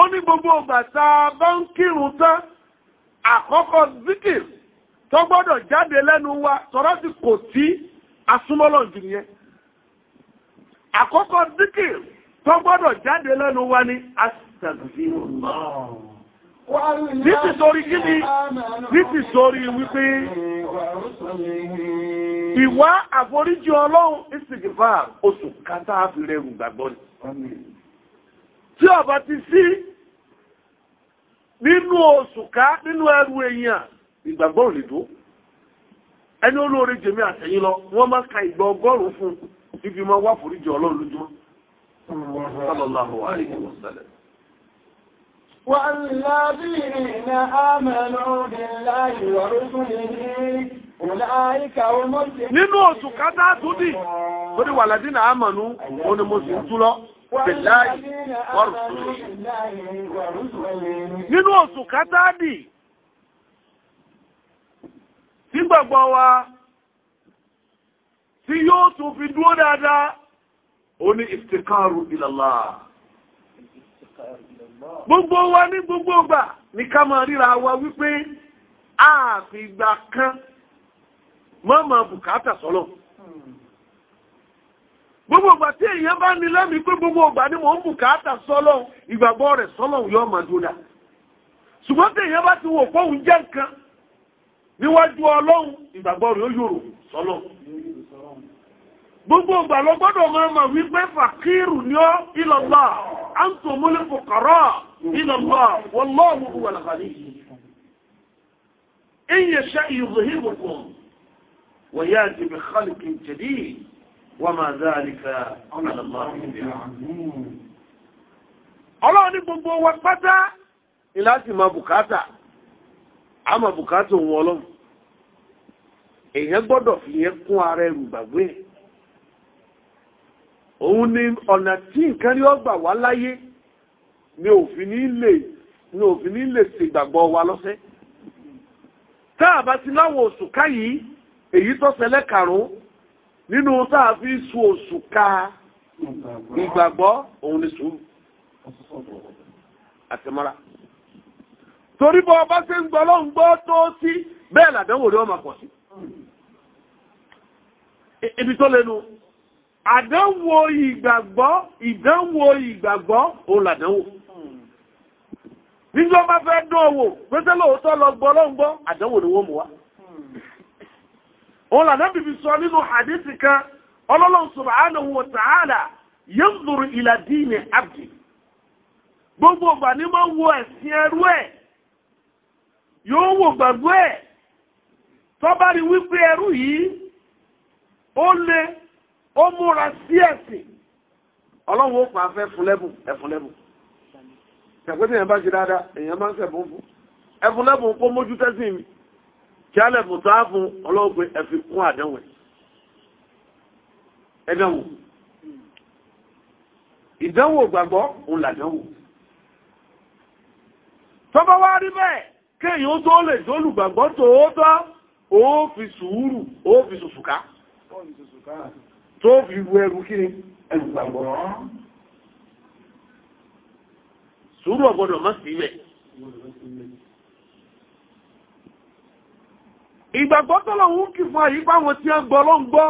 ó ní gbogbo ògbàta bá ń kírun tán àkọ́kọ́ zikir tó gbọ́dọ̀ jáde lẹ́nu wa sọ̀rọ̀ sí kò tí asúmọ́lọ̀ jù nìyẹn àkọ́kọ́ díkì tó gbọ́dọ̀ jáde lẹ́nu wa ni astagfirullah títí sórí kíni títí sórí wípé ìwá àforíjì ọlọ́run ìsìnkìfà oṣù kátà àfilẹ̀ ìrùgbàgbọ́ ni tí ọba ti sí nínú oṣù ká nínú ẹrù èèyàn ìgbàgbọ́ òlìdó ẹni olóore jèmi àtẹ̀yìn lọ wọn máa ka ìgbà ọgọ́rùn fún ibi máa wá foríjì ọlọ́run lójúmọ́ sallallahu alayhi wa sallam والذين آمنوا بالله ورسله أولئك هم المفلحون nínú oṣù kádà waladina amanu mo si tulo billahi wa rasulihi nínú oṣù kádà di nígbàgbọ́ wa tí yóò tún fi dúró dáadáa ó ní ìfìkàrù ìlàlá gbogbo wa ní gbogbo ọgbà ní ká máa ríra wa wípé àfìgbà kan mọ́mọ̀ bùkátà sọ́lọ̀ gbogbo ọgbà tí èèyàn bá ní lẹ́mìí pé gbogbo ọgbà ní mò ń bùkátà sọ́lọ̀ ìgbàgbọ́ rẹ̀ sọ́lọ̀ yóò máa dúdà ṣùgbọ́n tí èèyàn bá ti wò fóun jẹ́ nǹkan níwájú ọlọ́run ìgbàgbọ́ rẹ̀ ó yòrò sọ́lọ́ gbogbo ìgbà ló gbọ́dọ̀ máa mọ̀ wípé fàkírù ní ọ́ ìlọ́lá àǹtò múlẹ̀ fòkàrọ̀ ìlọ́lá wọlọ́ọ̀mù wàlàkàní ìyẹ̀ ṣe ìròhìbùkùn wọ̀yá ti bí khalqin jadid wà máa dáríka ọlọ́run ní gbogbo wa pátá ìlàtí máa bùkátà a máa bùkátà òun ọlọ́run èèyàn gbọ́dọ̀ fi yẹn kún ara ẹrù gbàgbé ẹ̀ òun ni ọ̀nà tí nǹkan rí ọgbà wá láyé ni òfin ní lè ni òfin ní lè ṣègbàgbọ́ wa lọ́sẹ̀ táà bá ti láwọn òṣùká yìí èyí tó ṣẹlẹ̀ karùn-ún nínú táà fi sun òṣùká ìgbàgbọ́ òun ni sùúrù àtẹ̀mọ́ra torí bọ́ ọba ṣe ń gbọ́ lọ́n gbọ́ tó sí bẹ́ẹ̀ làdánwò rí ọmọ pọ̀ sí ibi tó lẹ́nu àdánwò ìgbàgbọ́ ìdánwò ìgbàgbọ́ làdánwò bá fẹ́ dánwò pẹ́sẹ́ lóòótọ́ lọ gbọ́ lọ́n gbọ́ àdánwò ni wọ́n mú wa làdánwò sọ nínú kan gbogbo ọgbà ní wo ẹ̀sìn ẹrú yóò wò gbàgbé ẹ̀ tó bá rí wípé ẹrú yìí ó lé ó múra sí ẹ̀sìn ọlọ́run ó pa afẹ́ fúnlẹ́bùn ẹ̀fúnlẹ́bùn ṣàpẹ́tì èèyàn bá ṣe dáadáa èèyàn máa ń ṣẹ̀bùn fún ẹ̀fúnlẹ́bùn kó mójú tẹ́sìn mi kí alẹ́bùn tó á fún ọlọ́run pé ẹ̀fì kún àdánwẹ̀ ẹ̀dánwò ìdánwò gbàgbọ́ òun làdánwò tó bá wá rí bẹ́ẹ̀ kéèyàn tó lè jólùgbàgbọ́ tòótọ́ ó fi sùúrù ó fi sùsùká tó fi wú ẹrù kí ẹgbàgbọ́ sùúrù ọgbọ́dọ̀ mọ́ sí ilẹ̀ ìgbàgbọ́ tọ́lọ̀ ń kì fún àyíká wọn tí a gbọ́ lọ ń gbọ́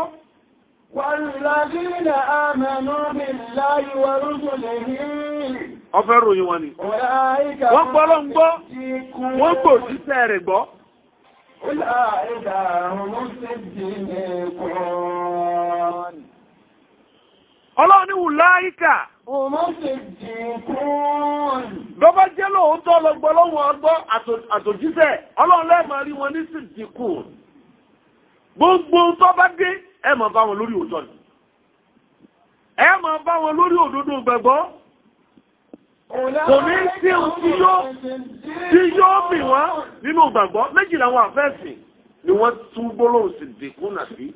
wàlùlàdínà àmànú billahi wa rusulihi ọfẹ́ ròyìn wọn ni wọ́n gbọ́rọ̀ ń gbọ́ wọ́n gbò síṣẹ́ rẹ̀ gbọ́ ọlọ́ni wù láìkà jẹ́ lóòótọ́ lọ́gbọ́ lọ́wọ́ ọgbọ́ àtòjíṣẹ́ rí wọn ní gbogbo tó bá dé bá wọn lórí ni bá wọn lórí kò ní sí ohun tí yóò mì wọ́n nínú ìgbàgbọ́ méjìlá àwọn àfẹ́sìn ni wọ́n tú gbólóhùn sí dìkú nà sí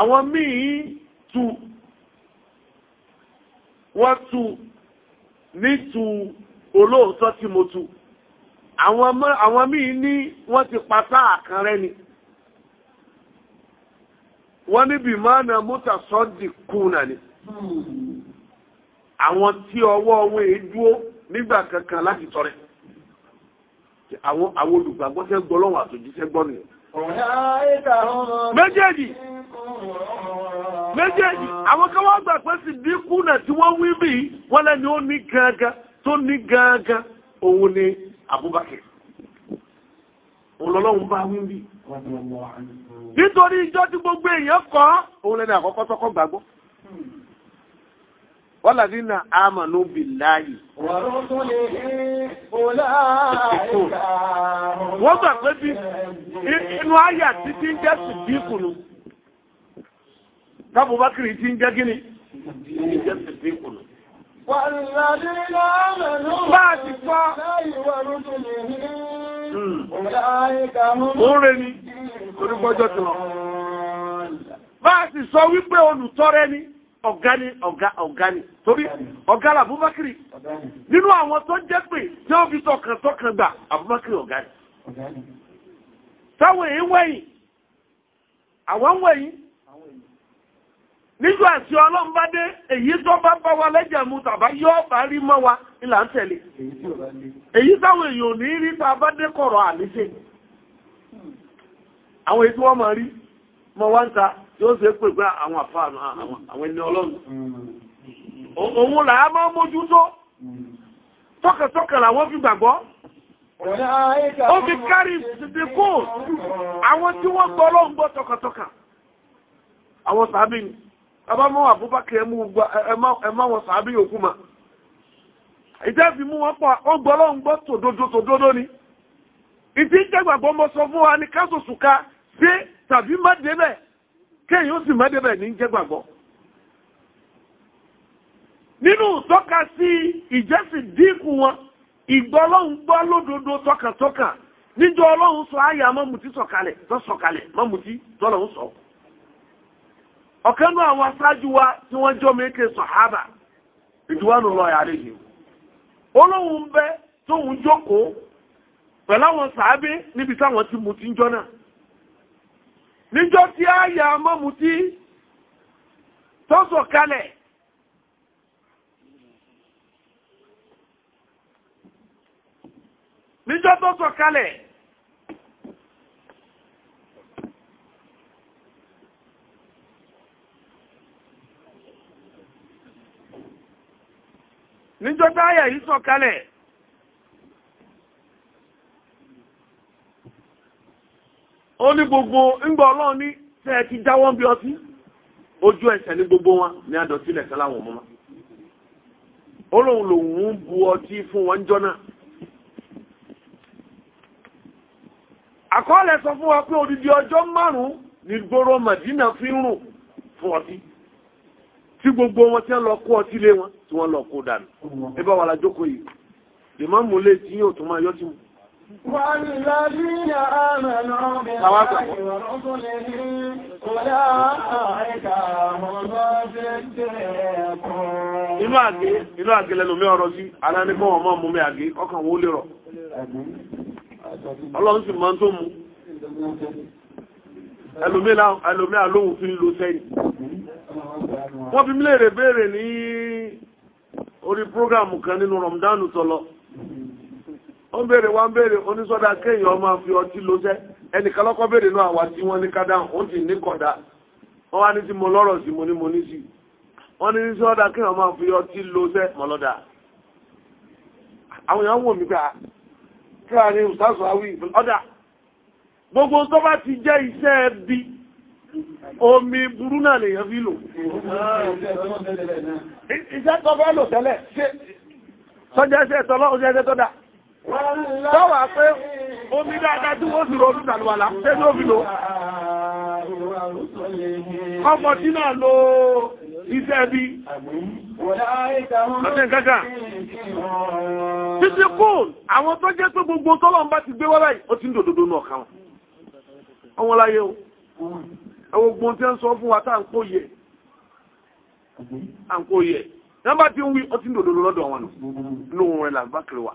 àwọn míì tú wọ́n tú ní tú olóòótọ́ tí mo tú àwọn míì ní wọ́n ti pa sáà kan rẹ́ ni wọ́n níbi máa na mọ́tà sọ́ọ́dì kú nà ni. Hmm àwọn tí ọwọ́ wọn èé e dúó nígbà kankan láti tọrẹ àwọn olùgbàgbọ́ tẹ́ gbọ́ lọ́wọ́ àtòjíṣẹ́ gbọ́ nìyẹn méjèèjì méjèèjì àwọn kan wọ́n gbà pé sì dínkù náà tí wọ́n wí bí wọ́n lẹ́ni ó ní gangan tó ní gangan òun ni Abubakar olọ́lọ́run bá wí bí nítorí ìjọ́ tí gbogbo èèyàn kọ́ òun lẹ́ni àkọ́kọ́ tọ́kọ́ gbàgbọ́ والذين آمنوا بالله ورسله أولئك wọ́n gbà pé bí inú àyà tí tí ń jẹ́ sìdíkù nù tábùbákìrì tí ń jẹ́ gíní tí ń jẹ́ sìdíkù nù bá a ti fọ́ oore ni orí gbọ́jọ́ tí wọ́n bá a ti sọ wípé olùtọ́rẹ́ ni Ọgani, ni ọ̀gá ọ̀gá la nínú àwọn tó jẹ́ pé tí ó fi tọkàn tọkàn gbà Abubakar ọ̀gá táwọn èyí wẹ̀yìn àwọn wẹ̀yìn níjọ́ àti ọlọ́run bá dé èyí tó bá bá wa tàbá bá rí mọ́ wa ìlà ń tẹ̀lé èyí táwọn ní rí tá yóò ṣe pè pé àwọn àfà àwọn ẹni ọlọ́run òun làá máa ń mójú tó tọ́kẹ̀tọ́kẹ̀ làwọn fi gbàgbọ́ ó fi kárí ìsìnkú kó àwọn tí wọ́n gbọ́ ọlọ́run gbọ́ tọ́kẹ̀tọ́kà àwọn sàábì ni ọba mọ́ àbúbákẹ́ ẹmọ́ wọn sàábì yòókù ma ìjẹ́ fi mú wọn pọ̀ ó gbọ́ ọlọ́run gbọ́ tòdodo tòdodo ni ìdí ìjẹ́gbàgbọ́ mọ́ sọ fún wa ní kásòsùká sí tàbí má débẹ̀ kéèyàn ó sì má débẹ̀ ní jẹ́ nínú tọ́ka sí ìjẹ́sìn dínkù wọn ìgbọ́ ọlọ́run gbọ́ lódodo tọkàntọkàn níjọ ọlọ́run sọ àyà mọ́mùtí sọ̀kalẹ̀ tó mọ́mùtí tọ́lọ́run sọ ọ̀kanú àwọn aṣáájú wa tí wọ́n jọ mẹ́kẹ́ sọ̀hábà ìdíwánu lọ yàrá yìí olóhun bẹ tóhun jókòó pẹ̀láwọn sàábé níbi táwọn ti mutí jọ náà níjọ́ tí a yà mọ́mù tí tó sọ kalẹ̀ níjọ́ tó sọ kalẹ̀ níjọ́ tí a yà yìí sọ kalẹ̀ ó ní gbogbo ńgbà ọlọ́run ní tẹ́ ẹ ti jáwọ́ bí ọtí ojú ẹsẹ̀ ní gbogbo wọn ní adọ̀tílẹ̀ sáláwọ̀ mọ́mọ́ ó lòun ń bu ọtí fún wọn jọ náà àkọọ́lẹ̀ sọ odidi ọjọ́ márùn-ún ní gbòòrò Màdínà fi ń gbogbo wọn ti wọ́n lọ kó ọtí lé wọn tí wọ́n lọ kó dànù ẹ bá wà lájókòó yìí lè má tí yóò والذين آمنوا بالله ورسله أولئك هم الصادقون inú àgé inú àgé lẹ́lòmí ọ̀rọ̀ sí aláníkọ́ ọmọ mú mi àgé ọkàn wó rọ̀. ọlọ́run sì máa ń tó mú ẹlòmí àlóhùn fi ń lo sẹ́yìn wọ́n fi mílẹ̀ rẹ̀ béèrè ní orí programu kan nínú rọ̀mdánù tọ́lọ ó ń béèrè wá ń béèrè onísọ́dá kéèyàn máa fi ọtí sẹ́ ẹnìkan lọ́kọ́ béèrè náà àwa tí wọ́n ní ká dáhùn ó sì ní kọ̀dá wọ́n wá ní ti mọ lọ́rọ̀ sí mo ní mo ní sí wọ́n ní sọ́dá kéèyàn ọtí mọ́lọ́dà àwọn èèyàn wò mí kí ní ìsásùn ọ̀dà gbogbo ti jẹ́ iṣẹ́ bí omi burú náà fi lò iṣẹ́ tó lò tẹ́lẹ̀ tọ́lọ́ Tọ́wà pé omi dáadáa tí wọ́n sì rọ ojú ìdàlúwàlá, tẹ́jú òbí lò. Ọmọ tí náà lo iṣẹ́ bí. Ọ̀sẹ̀ kẹ́kà. Títí kúl, àwọn tó jẹ́ pé gbogbo tọ́lọ̀ bá ti gbé wá báyìí, ó ti ń dòdòdó náà kan. Ọwọ́n láyé o. Ẹwọ gbọ́n tí ń sọ fún wa tá à ń kó yẹ. À ń kó yẹ. Nọ́mbà tí ń wí, ó ti ń dòdòdó lọ́dọ̀ wọn nù. Lóhun rẹ̀ làbákiri wà.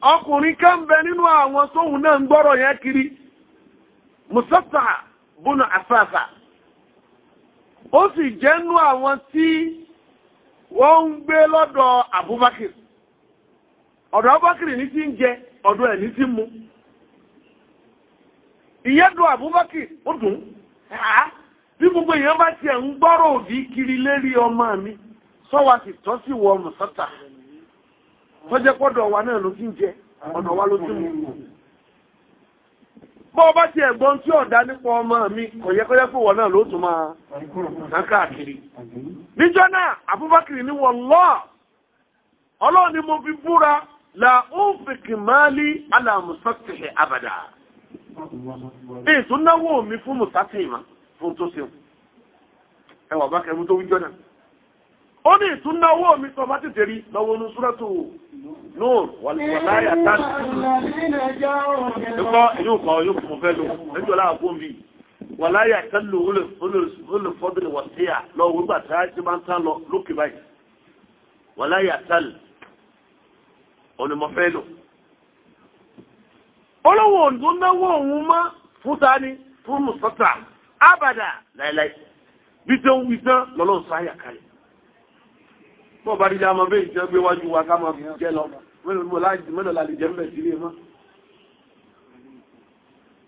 ọkùnrin kan nínú àwọn tóhun náà ń gbọ́rọ̀ yẹn kiri musafa bùnà àfàfà ó sì jẹ́ nú àwọn tí wọ́n ń gbé lọ́dọ̀ Abubakar ọ̀dọ̀ abubakir ní tí ń jẹ ọ̀dọ̀ ẹ̀ ní mú Abubakar ó dùn bí gbogbo èèyàn bá tiẹ̀ ń gbọ́rọ̀ kiri lérí ọmọ mi sọ́wọ́ sì tọ́ wọ tó pọ́dọ̀ wa náà ló ti jẹ ọ̀nà wa ló ti mú ọba ti ẹ̀gbọ́n tí ọ̀dá nípa ọmọ mi kọ̀yẹ́kọ́yẹ́ fún wọn náà ló tún máa tán níjọ́ náà Abubakar ní wallahi ọlọ́run ni mo fi búra la ó fi kìmáàlì abàdà ìtúnáwó mi fún fún tó ẹwà bá tó náà ó ní ìtúnáwó mi sọ bá lọ́wọ́ nùn wàláyà tán ẹ̀kọ́ inú kan yóò fún un fẹ́ lò ẹjọ́ láàbò mi wàláyà tán lò olùfọ́dúnlẹ̀ wà sí à lọ wípé àtàrà tí máa ń tán lọ lókè báyìí wàláyà tán onímọ̀fẹ́ lò olówó òǹdó náwó òun mọ́ fúta ni fún mùsọ́tà ábàdà láìláì bí tẹ́ ń wí tán lọ́lọ́ sáyà kalẹ̀ bọ́ bá dídá ọmọ bẹ́ẹ̀ ìjọ gbé wájú wa ká mọ̀ jẹ́ lọ mẹ́lọ la lè jẹ́ mẹ́ sílé mọ́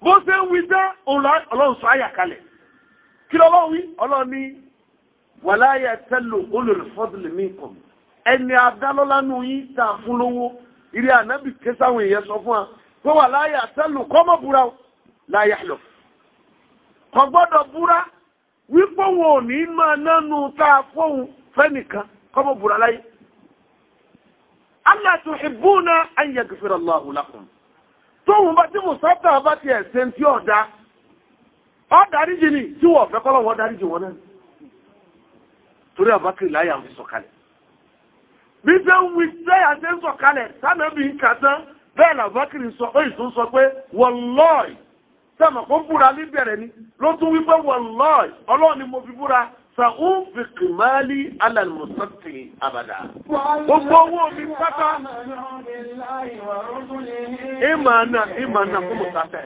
bó ṣe ń wí jẹ́ ọlọ́run sọ àyà kalẹ̀ kí lọ́wọ́ wí ọlọ́run ní wàláyà tẹ́lò olùrẹ̀fọ́dùlì minkum ẹni adálọ́lánú yìí tà fún lówó ìrẹ́ ànábì ké sáwọn èèyàn sọ fún wa pé wàláyà tẹ́lò láyà lọ kò gbọ́dọ̀ búra wípé fẹ́nìkan kọ́mọ bùrọ̀ láyé allah tuhibbuna an yaghfira Allahu lakum tóun bá tí mùsọ́tà ba ti ẹ̀sẹ̀ tí ọ̀dá ọ̀dáríjì ni tí wọ́n fẹ́ kọ́lọ̀ wọ́n dáríjì wọn náà torí àbákìrì láyà ń fi sọ̀kalẹ̀ bí fẹ́ ń wí sẹ́yà ṣe ń sọ̀kalẹ̀ sábẹ́bí ń kà tán bẹ́ẹ̀ làbákìrì sọ oyi tó ń sọ pé wallahi sẹ́mọ̀ kó búra níbẹ̀rẹ̀ ni ló tún wí pé ni mo fi bura sàúfìkì máàlì alàlùmọ̀sọ́tì àbàdà. Gbogbo owó mi pátá. Ìmàna ìmàna fún mùsàtẹ̀.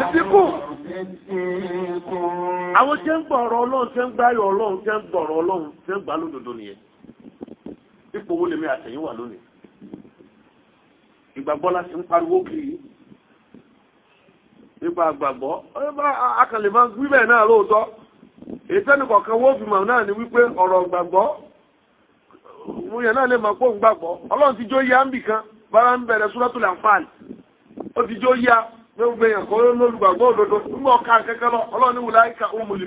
Títí kù. Àwọn tí ń gbọ́ ọ̀rọ̀ ọlọ́run tí ń gbáyọ̀ ọlọ́run tí ń gbọ́ ọlọ́run tí ń gbà lódodo nìyẹn. Ipò owó lèmi àtẹ̀yìn wà lónìí. Ìgbàgbọ́ láti ń pariwo kiri nípa àgbàgbọ́. Akànlè máa ń gbí bẹ́ẹ̀ náà lóòótọ́. ìtẹ́nìkọ̀ọ̀kan wọ́n fi mọ̀ náà ni wípé ọ̀rọ̀ gbàgbọ́ mo yẹn náà lè máa pọ̀ gbàgbọ́ ọlọ́run ti jó yá ń bì kan bára ń bẹ̀rẹ̀ súrọ́tò làǹfààl ó ti jó yá gbogbo èèyàn lólùgbàgbọ́ òdodo nígbà ọ̀ka kẹ́kẹ́ lọ ọlọ́run òmùlì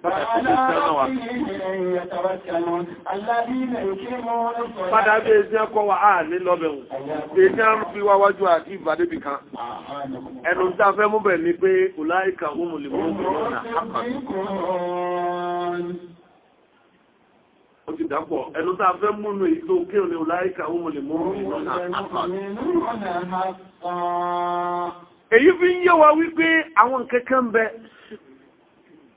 Padà bí èsì ẹkọ́ wà ní lọ́bẹ̀hùn. Èsì àrùn fi wá wájú àti ìbàdébì kan. Ẹnu tí a fẹ́ mú bẹ̀ ni pé Ùláìkà Òmù lè mú ọ̀nà àpàtà. ẹnu tí a fẹ́ mú nù èyí tó kí o ní Ùláìkà Òmù lè ọ̀nà àpàtà. Èyí fi ń yé wa wípé àwọn kẹ́kẹ́ ń bẹ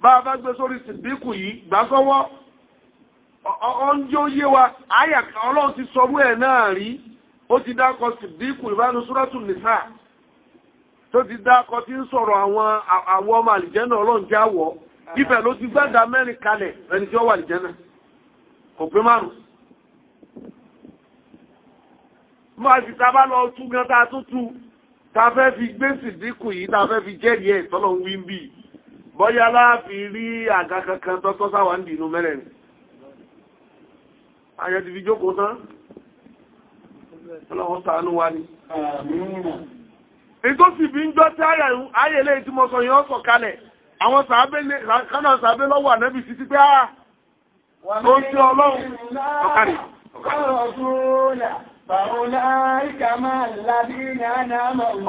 bá bá gbé sórí sìdíkù yìí gbà sọ́wọ́ ọjọ́ yé wa àyàkà ọlọ́run ti sọ ẹ̀ náà rí ó ti dákọ sìdíkù ìbánu súrátù nìsà tó ti dákọ tí ń sọ̀rọ̀ àwọn àwọn ọmọ àlìjẹ́nà ọlọ́run jáwọ́ ibẹ̀ ló ti gbádà mẹ́rin kalẹ̀ ẹni tí ó wà àlìjẹ́nà kò bọ́yá láàfin rí àga kankan tọ́tọ́ sáwà ń dìnú mẹ́rẹ̀ẹ̀rin ayẹ́ ti fi jókòó tán ọlọ́wọ́ sàánú ètò sì fi ń jọ tí ayẹ̀lẹ́ tí sọ yẹn ó sọ̀kalẹ̀ àwọn sàábé lọ́wọ́ ànẹ́bì sí àà ah, tó ọlọ́run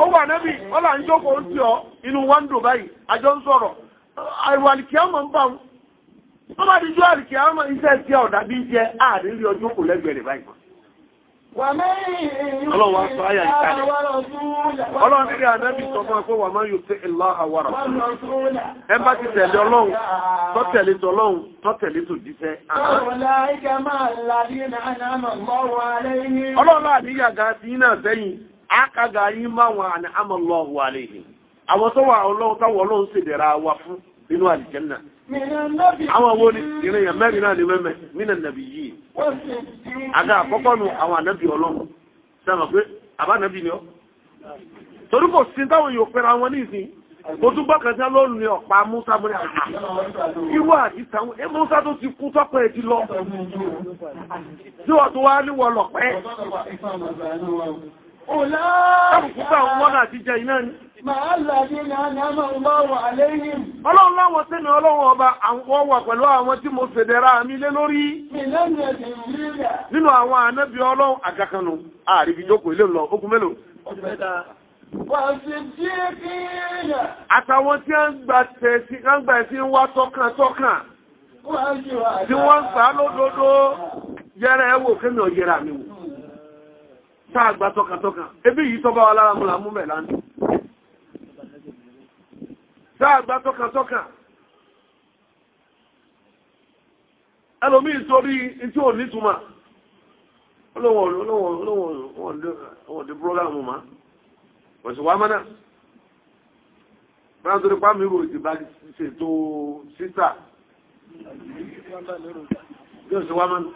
ó wà ọlá ń jókòó tí ọ inú wọ́n báyìí àjọ ń sọ̀rọ̀ àìwà ọmọ ń bá wọn wọ́n bá dijú àlìkìyàmọ̀ iṣẹ́ tí ọ̀dà bí jẹ́ ààrin rí ọjọ́ kò lẹ́gbẹ̀ẹ́ rẹ̀ báyìí sọ fún wà yóò tẹ́ ti àwọn tó wà ọlọ́run táwọn ọlọ́run sì dẹ̀ra wa fún nínú àlìjẹ́nà àwọn wo ni ìrìnyàn mẹ́rin náà ni mẹ́mẹ́ nínú nàbì yìí àga àkọ́kọ́ nu àwọn ànábì ọlọ́run sábà pé àbánàbì ni ọ́ torí kò sí táwọn yóò pẹ́ra wọn ní ìsìn kò tún bọ́ kẹta lóòrùn ní ọ̀pá Musa mọ́rí àṣà ìwọ àti ẹ Musa tó ti kú tọ́pẹ́ ti lọ tí wọ́n tó wá níwọ̀ lọ̀pẹ́ Ọlọ́run kúkú àwọn mọ́nà àti jẹ iná ni. Ọlọ́run láwọn tí ni ọlọ́run ọba àwọn pẹ̀lú àwọn tí mo fèdèrà mi lé lórí. Nínú àwọn ànábì ọlọ́run àgàkànnù, àríbi jókòó ilé lọ, ogun mélòó. Àtàwọn tí a ń gbà tẹ̀sí, a ń gbà ẹ̀sí ń wá tọ́kàn tọ́kàn. Tí wọ́n ń gbà ẹwò wò. Sáà gbà tọ́kàn tọ́kàn. Ebí yìí mẹ́ táàgbà tọ́kàntọ́kàn ẹlòmí ìtorí tí ò nítumà olóòwò dé búrọ́láàmù ma pẹ̀sù wá mọ́nà bá ń torí pàmì ìrò ìdìbà ṣètò sísà yóò sí wá mọ́nà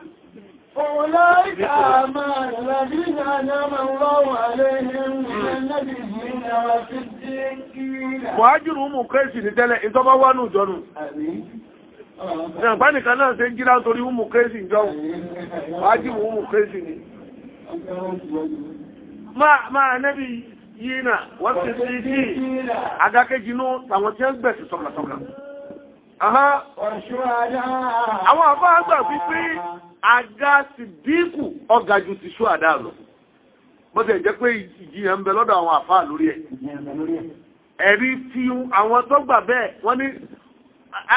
Òun láìka máa lọ́dí ìrìnàjá máa ń lọ́wọ́ àlẹ́ ìrìn ìrìn mọ̀hájúrù mú kẹ́sì ní tẹ́lẹ̀ ìtọ́bá wà ní ìjọnù ẹ̀gbá nìkan náà ṣe jíra torí mú kẹ́sì ìjọun mọ̀hájúrù mú kẹ́sì ní máa nẹ́bí yínà wọ́n ti sí sí agákejì ní àwọn tí ó gbẹ̀sì sọ́kàtọ́kà àwọn àbá bọ́sẹ̀ jẹ́ pé ìjìyàn ń bẹ lọ́dọ̀ àwọn àfáà lórí ẹ̀ ẹ̀rí tí àwọn tó gbà bẹ́ẹ̀ wọ́n ní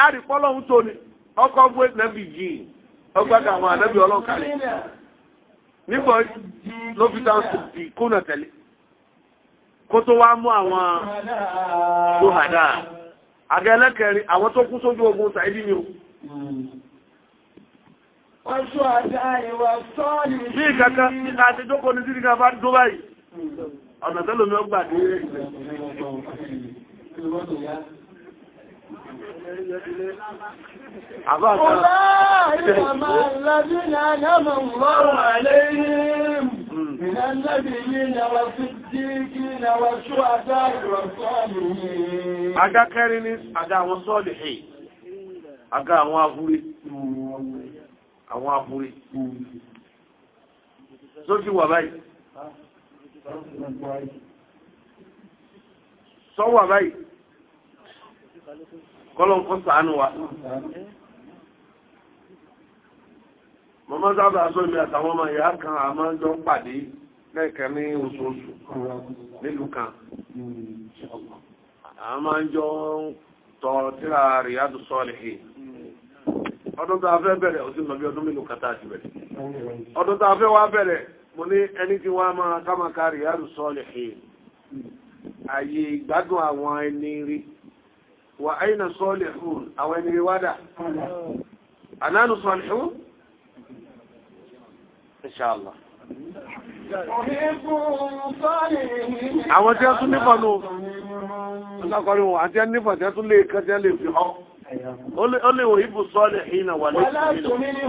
àrípọ́lọ́hún tó ní ọkọ̀ gbé yìí ọgbàgbà àwọn ànẹ́bì ọlọ́kàlẹ̀ nígbà ló fi tán kónà tẹ̀lé kó tó wá mú àwọn àgẹ́lẹ́kẹ̀rin àwọn tó kú Aṣọ́ àdá ìwà sọ́ọ̀lì. Bí ìkàkà ní àti jókòó ní síríkà bá dó báyìí. Ọ̀nà tẹ́lò mi ó gbà dé rẹ̀. Àbá àtàrà. Ọlá ìrọ̀mà lábínà náà mọ̀ wọ́rọ̀ àlẹ́yìn. من النبيين والصديقين والشهداء والصالحين Àga kẹrin ni àga àwọn sọ́ọ̀lì hì, àga àwọn afúrí. àwọn abúrí sójú wà báyìí sọ́wà báyìí kọ́lọ̀n sàánù wa mọ́mọ́ sábà sọ ìmì àtàwọn ọmọ ìyá kan àmọ́ jọ pàdé lẹ́ẹ̀kan ní oṣooṣù nílùú kan àmọ́ jọ tíra ọdún tó a fẹ́ bẹ̀rẹ̀ ó sì lọ bí ọdún mélòó kàtà àti bẹ̀rẹ̀ ọdún tó a fẹ́ wá bẹ̀rẹ̀ mo ní ẹni tí wọ́n máa ká máa kárí yàrá sọ́ọ̀lì hìn àyè ìgbádùn àwọn ẹni rí wà áyìnà sọ́ọ̀lì hùn àwọn ẹni rí wádà ànánù sọ́ọ̀lì hùn inṣàlá àwọn tí a tún nífọ̀nù ọ̀sán kọrin wọn àti ẹni nífọ̀n tí a tún lè kẹ́ tí a lè fi hàn ó lè wòye bù sọ́ọ̀lẹ̀ ìhìnà wà lẹ́sìnmínà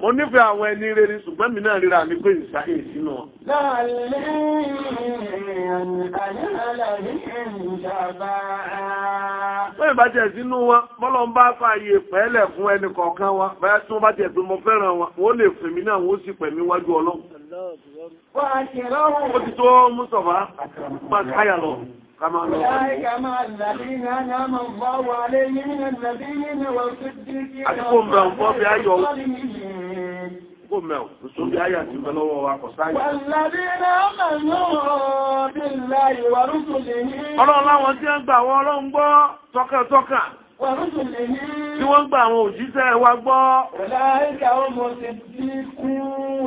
mo nífẹ̀ẹ́ àwọn ẹni rere ṣùgbọ́n mi náà ríra mi pé ìsáyè sínú ọ. wọ́n ìbá jẹ́ sínú wọn bọ́lọ̀ ń bá fààyè pẹ́ẹ́lẹ̀ fún ẹnì kọ̀ọ̀kan wọn báyá tí wọ́n bá jẹ́ pé mo fẹ́ràn wọn wọ́n lè fèmí náà wọ́n sì wájú ọlọ́run. ti tó mú sọ̀fà káyà lọ. أولئك مع الذين أنعم الله عليهم من النبيين والصديقين والصالحين Gómẹ̀ọ̀ tó tó bí ayà ti mẹ́lọ́wọ́ wa kọ̀ sáyé. Wàlàdínà ọmọ náà bí láyé wà rúkùnlé ní. Ọlọ́run láwọn tí ó ń gbà wọ́n ọlọ́run gbọ́ tọ́kàtọ́kà tí wọ́n gba àwọn òjíṣẹ́ wa gbọ́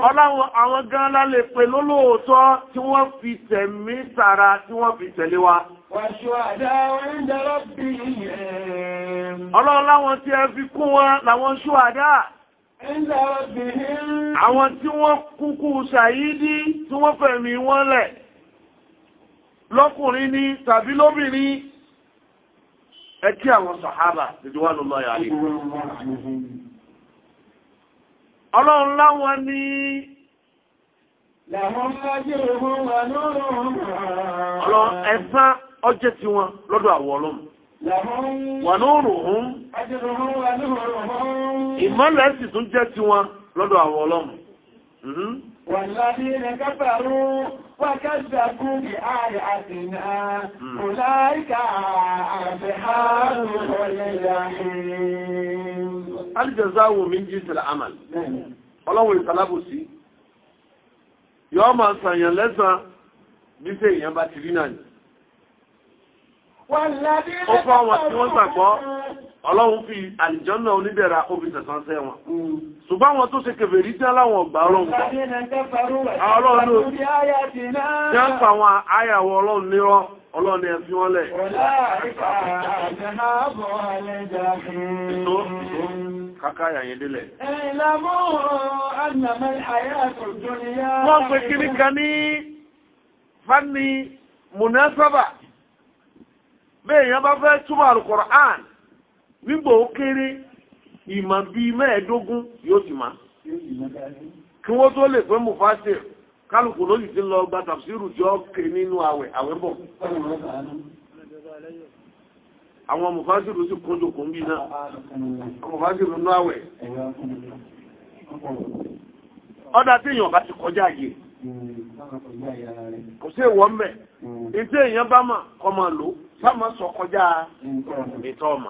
ọláwọn àwọn gan lálẹ́ pé lólóòótọ́ tí wọ́n fi tẹ̀mí tara tí wọ́n fi tẹ̀lé wa ọlọ́run láwọn tí ẹ fi kún wọn làwọn ṣúwàdá àwọn tí wọ́n kúkú ṣàyídí tí wọ́n fẹ̀mí wọn lẹ̀ lọ́kùnrin ni tàbí lóbìnrin ẹ kí àwọn sàhábà ìdíwánu lọ yà rí ọlọ́run láwọn ní ẹ̀sán ọjẹ́ ti wọn lọ́dọ̀ àwọ̀ ọlọ́run wà tún jẹ́ ti wọn lọ́dọ̀ àwọ̀ ọlọ́run mhm. والذين كفروا وكذبوا بآياتنا أولئك أصحاب الجحيم الجزاء من جنس العمل Ọlọ́run ìsàlábò sí, yọ́ máa sàyàn lẹ́sàn bí ṣe èèyàn bá ti rí náà ni ó fún àwọn tí wọ́n gbàgbọ́ ọlọ́run fi àlìjọ́nà oníbẹ̀rẹ̀ omi tẹ̀sán sẹ́ wọn hmm. ṣùgbọ́n wọn tó ṣe kèfè rí jẹ́ láwọn ọgbà ọlọ́run gbọ́ ọlọ́run ni ẹ̀fí wọ́n lẹ̀ tó kàkàyà yẹn délẹ̀ wọ́n pè kí ní kan ní fánni munasaba bẹ́ẹ̀ yẹn bá fẹ́ túmọ̀ alukoran nígbà ó kéré ìmọ̀ bíi mẹ́ẹ̀ẹ́dógún yóò ti máa kí wọ́n tó lè fẹ́ mufasir kálukú ló sì ti lọ gba tafsiru jọ ké nínú àwẹ̀ àwẹ̀ bọ̀ àwọn mufasiru sì kójú kún bí náà mufasiru nú àwẹ̀ ọ̀dà tí èèyàn bá ti kọjá yìí kò sí èèwọ̀ mbẹ̀ ètí èèyàn bá mà kọ́ máa lò bá máa sọ kọjá ètò ọmọ.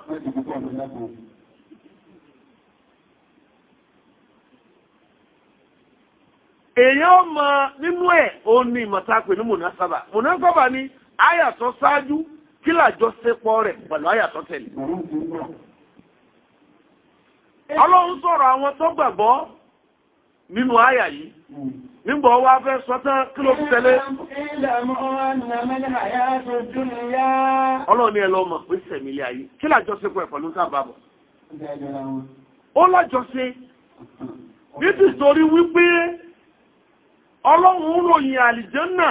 èèyàn ọmọ nínú ẹ̀ ó ní ní ni àyàtọ̀ ṣáájú kí làjọṣepọ̀ rẹ̀ pẹ̀lú àyàtọ̀ tẹ̀lé. ọlọ́run sọ̀rọ̀ àwọn tó gbàgbọ́ nínú àyà yìí. nígbà ọwọ́ afẹ́ sọ́tán kí ló tẹ̀lé ọlọ́run ẹlọ ọmọ pé sẹ̀mí ayé kí lájọ́sí pẹ̀ pẹ̀lú sábàbọ̀ ó lájọ́sí nítorí wípé ọlọ́run ròyìn àlìjẹ́nà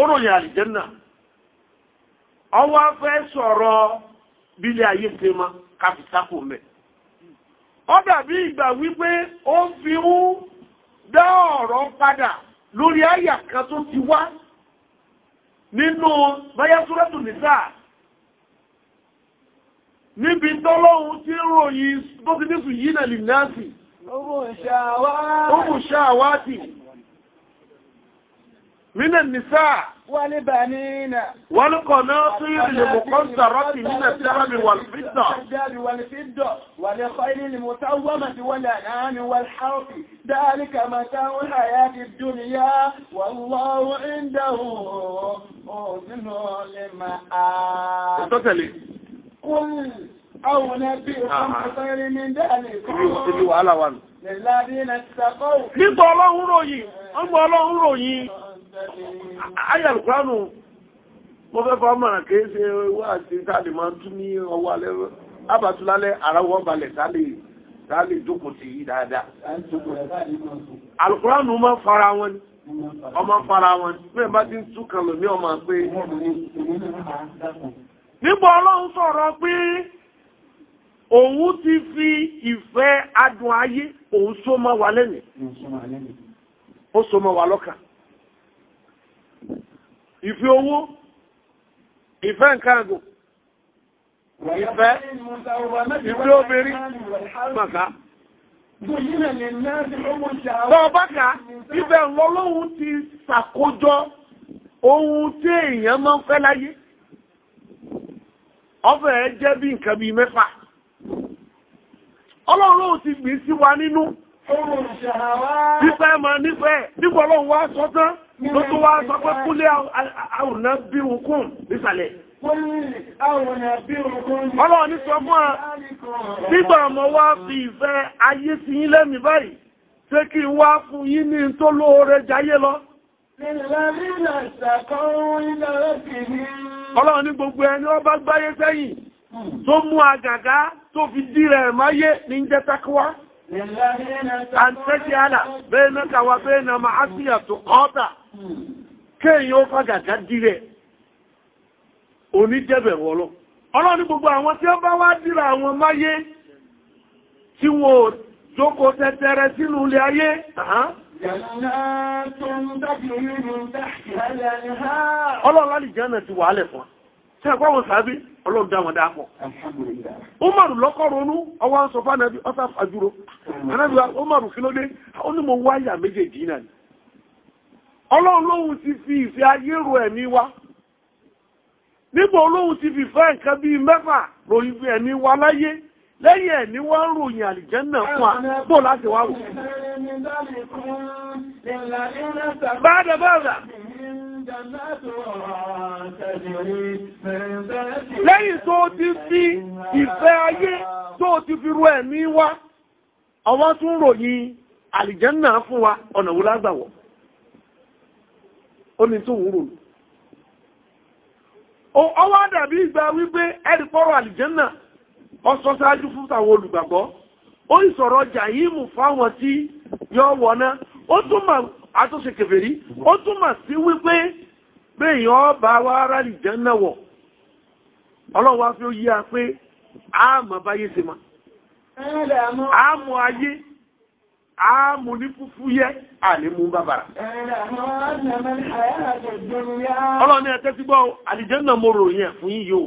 ó àlìjẹ́nà ọwọ́ afẹ́ sọ̀rọ̀ bílé ayé ṣe ó dàbí ìgbà wípé ó ń fi ń dá ọ̀rọ̀ padà lórí àyà kan tó ti wá nínú bayasúrẹ́tù nìsà níbi tọ́lọ́hun tí ròyìn tó ti nísù yí nà lìnáàtì ó mú ṣáwátì mínà nìsáà والبنين والقناطير المقنطرة من الذهب والفضة والخيل المتومة والأنعام والحرث ذلك متاع الحياة الدنيا والله عنده حسن المآب قل أو نبئكم بخير من ذلك للذين اتقوا nípa ọlọ́run ròyìn ọgbọ̀ ọlọ́run ròyìn ayé alùpùránù mo fẹ́ fọ́ mọ̀nà kìí ṣe wá àti táàlì máa ń tún ní ọwọ́ alẹ́ abàtúlálẹ́ àràwọ̀ balẹ̀ táàlì jókòó ti yí dáadáa alùpùránù máa fara wọn ni ọmọ fara wọn ni pé bá ti ń tún kan lòmí ọmọ pé nígbà ọlọ́run sọ̀rọ̀ pé òun ti fi ìfẹ́ adùn ayé òun só mọ́ wa lẹ́nu ó só mọ́ wa lọ́kàn ìfẹ́ owó ìfẹ́ nǹkan àgò ìfẹ́ ìfẹ́ obìnrin màkà tọ́ọ̀bákà ìfẹ́ lọ́lọ́hun ti ṣàkójọ ohun tí èèyàn máa ń fẹ́ láyé ọfẹ́ jẹ́ bí nǹkan bí mẹ́fà ọlọ́run ti gbìn sí wa nínú Nífẹ́ ma nífẹ́ nígbọ́ lọ́wọ́ wá sọ tán ló tó wá sọ pé kúlé àwòrán bí òkun nísàlẹ̀. Ọlọ́run ní sọ fún a nígbà ọmọ wá fi ìfẹ́ ayé sí yín lẹ́mìí báyìí ṣé kí wá fún yín ní tó lóore jayé lọ. Ọlọ́run ní gbogbo ẹni ó bá gbáyé sẹ́yìn hmm. tó mú àgàgá tó fi dí rẹ̀ máyé ní jẹ́ takwa. an tajala bainaka wa baina ma'asiyatu qata kéèyàn ó fàgàgà dírẹ̀ oníjẹ́bẹ̀rù ọlọ́ ọlọ́ ní gbogbo àwọn tí ó bá wá dírà àwọn máyé tí wọ́n ò jókòó tẹ́tẹ́rẹ sínú ilé ayé ọlọ́ọ̀lá lè jẹ́ náà ti wà á lẹ̀ fún wa sẹ́gbọ́n sàábí ọlọ́dá wọn dápọ̀. Umaru lọ́kọ́ ronú ọwọ́ ń sọ fánàbí ọ́sá fàjúrò. Anábí Umaru kí ló dé, ó ní mo ni. Ọlọ́run lóhun ti fi ìfẹ́ ayé ro ẹ̀mí wa. Nígbà olóhun ti fi fẹ́ nǹkan bíi mẹ́fà ẹ̀mí láyé. Lẹ́yìn Lẹ́yìn tó ti fi ìfẹ́ ayé tó ti fi ruo ẹ̀mí wá, tún ròyìn àlìjẹ́nà fún wa ọ̀nà wo lágbàwọ̀. Ó ní tó wúrò. Ó dàbí ìgbà wípé ẹ̀rì àlìjẹ́nà ọsọ sáájú fún àwọn olùgbàgbọ́. Ó ìsọ̀rọ̀ fáwọn a tún ṣe kèfèrí ó túmọ̀ sí wípé béèyàn ọba wa ara lè jẹ́ náwọ̀ ọlọ́run wá fi ó yí a pé àmọ̀ báyé ṣe ma àmọ̀ ayé àmù ní fúfú yẹ́ àlèmú bàbàrà. ọlọ́ni ẹ̀tẹ́ ti gbọ́ àlìjẹ́nà mo rò yẹn fún yíyó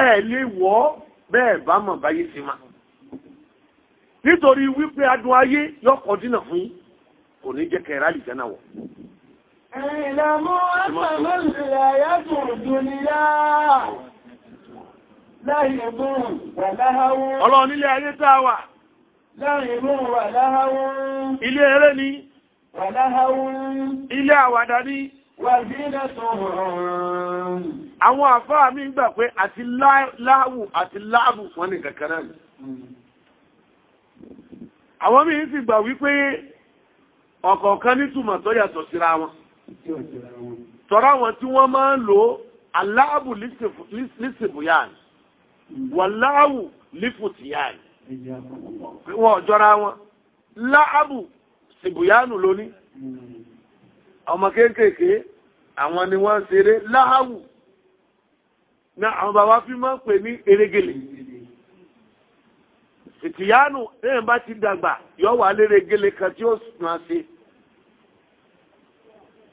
ẹ lè wọ́ bẹ́ẹ̀ bá mọ̀ báyé sí ma nítorí wípé adùn ayé yọ́kọ̀ dínà fún yí kò ní jẹ́ kẹrẹ àlìjánà wọ̀. ìlàmú àpàmọ́lẹ̀ ayẹ́kùn dúnilá láìbùn wà láháwún ọlọ́run nílé ayé tá a wà láìbùn wà láháwún ilé eré ni wà láháwún ilé àwàdà ni wà zínà tó rọrùn àwọn àfáà mi gbà pé àti láàwù àti láàbù wọn ni kankan náà hmm. àwọn mi sì gbà wípé ọ̀kọ̀ọ̀kan nítumọ̀ tó yàtọ̀ síra wọn tọ́rọ wọn tí wọ́n máa ń lò aláàbù lísìbùyàn wàláàwù lífùtìyàn wọ́n jọra wọn láàbù sìbùyànù lóní ọmọ kéékèèké àwọn ni wọ́n ń ṣeré láàwù ní àwọn bàbá fi máa ń pè ní erégele ìtìyánu lẹ́yìn bá ti dàgbà yọ wà lére gele kan tí ó máa ṣe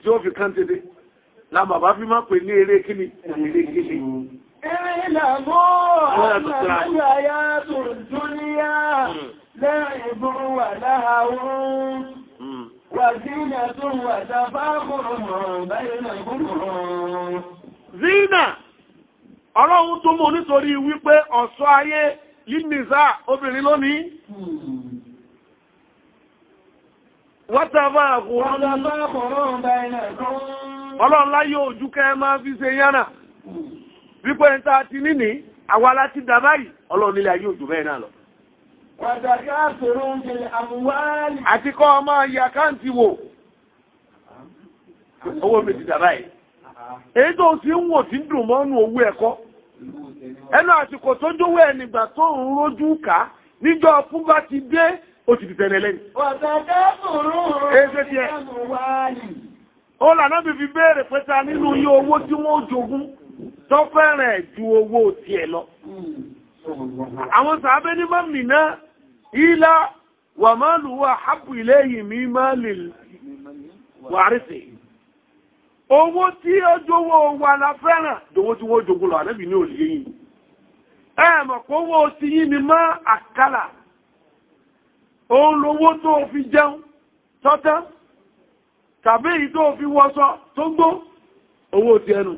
tí ó fi kán tẹ́lẹ̀ la bàbá fi máa pè ní eré kíni eré gele ìlàmọ́ àwọn àyà tó dúníyà lẹ́yìn búrú wà láhàrún hmm. lílìsá obìnrin lónìí wátàbà ọlọ́ọ̀lá yóò ojú kẹ́ máa fi ṣe yánà wípé ń ta ti níní àwọn aláti dàbáyì ọlọ́ọ̀nílẹ̀ ayé òjò bẹ́ẹ̀ náà lọ àti kọ́ ọmọ yàkáǹtì wò owó méjì dàbáyì èyí tó sì ń wò tí ń dùn mọ́nù owó ẹ̀kọ́ ẹnu àsìkò tó jówó ẹnìgbà tó ń rójú ká níjọ́ ọkú bá ti dé ó ti dìtẹ̀ lẹ́lẹ́ni. ó lànà bí fi béèrè pé ta nínú iye owó tí wọ́n jogún tó fẹ́rẹ̀ ju owó tiẹ̀ lọ àwọn sàábé ní mọ́ mìíràn ilá wà máa lùwà hápù ilé yìí mi owó tí ó jówó wà la fẹ́ràn tí wọ́n jogún lọ àdẹ́bì ní òlìyìn ẹ̀mọ̀ kó wó sí yí mi mọ́ àkàlà òun lówó tó fi jẹun tọ́tán tàbí èyí tó fi wọ́sọ tó gbó owó ti ẹnu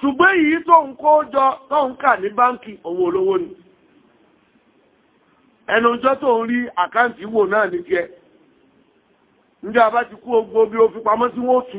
ṣùgbé èyí tó ń kó jọ tó ń kà ní báńkì owó olówó ni jọ tó ń rí àkáǹtì wò náà ní kí ẹ ti kú ogbó bí ó fi pamọ́ sí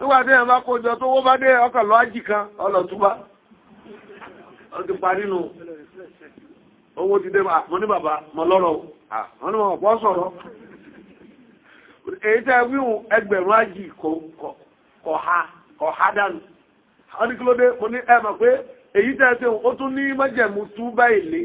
nígbà tí ẹ̀mà kójọ tó wó bá dé lọ ájì kan ọlọ̀túbá ó ti owó ti dé ah, mọ́ ní bàbá mọ́ lọ́rọ̀ ah, wọ́n ní wọ́n pọ́ sọ̀rọ̀ èyí tẹ́ wíhùn ẹgbẹ̀rún ájì kọ̀ ha dànù kí ló dé ní pé èyí tẹ́ tẹ́ ó tún ní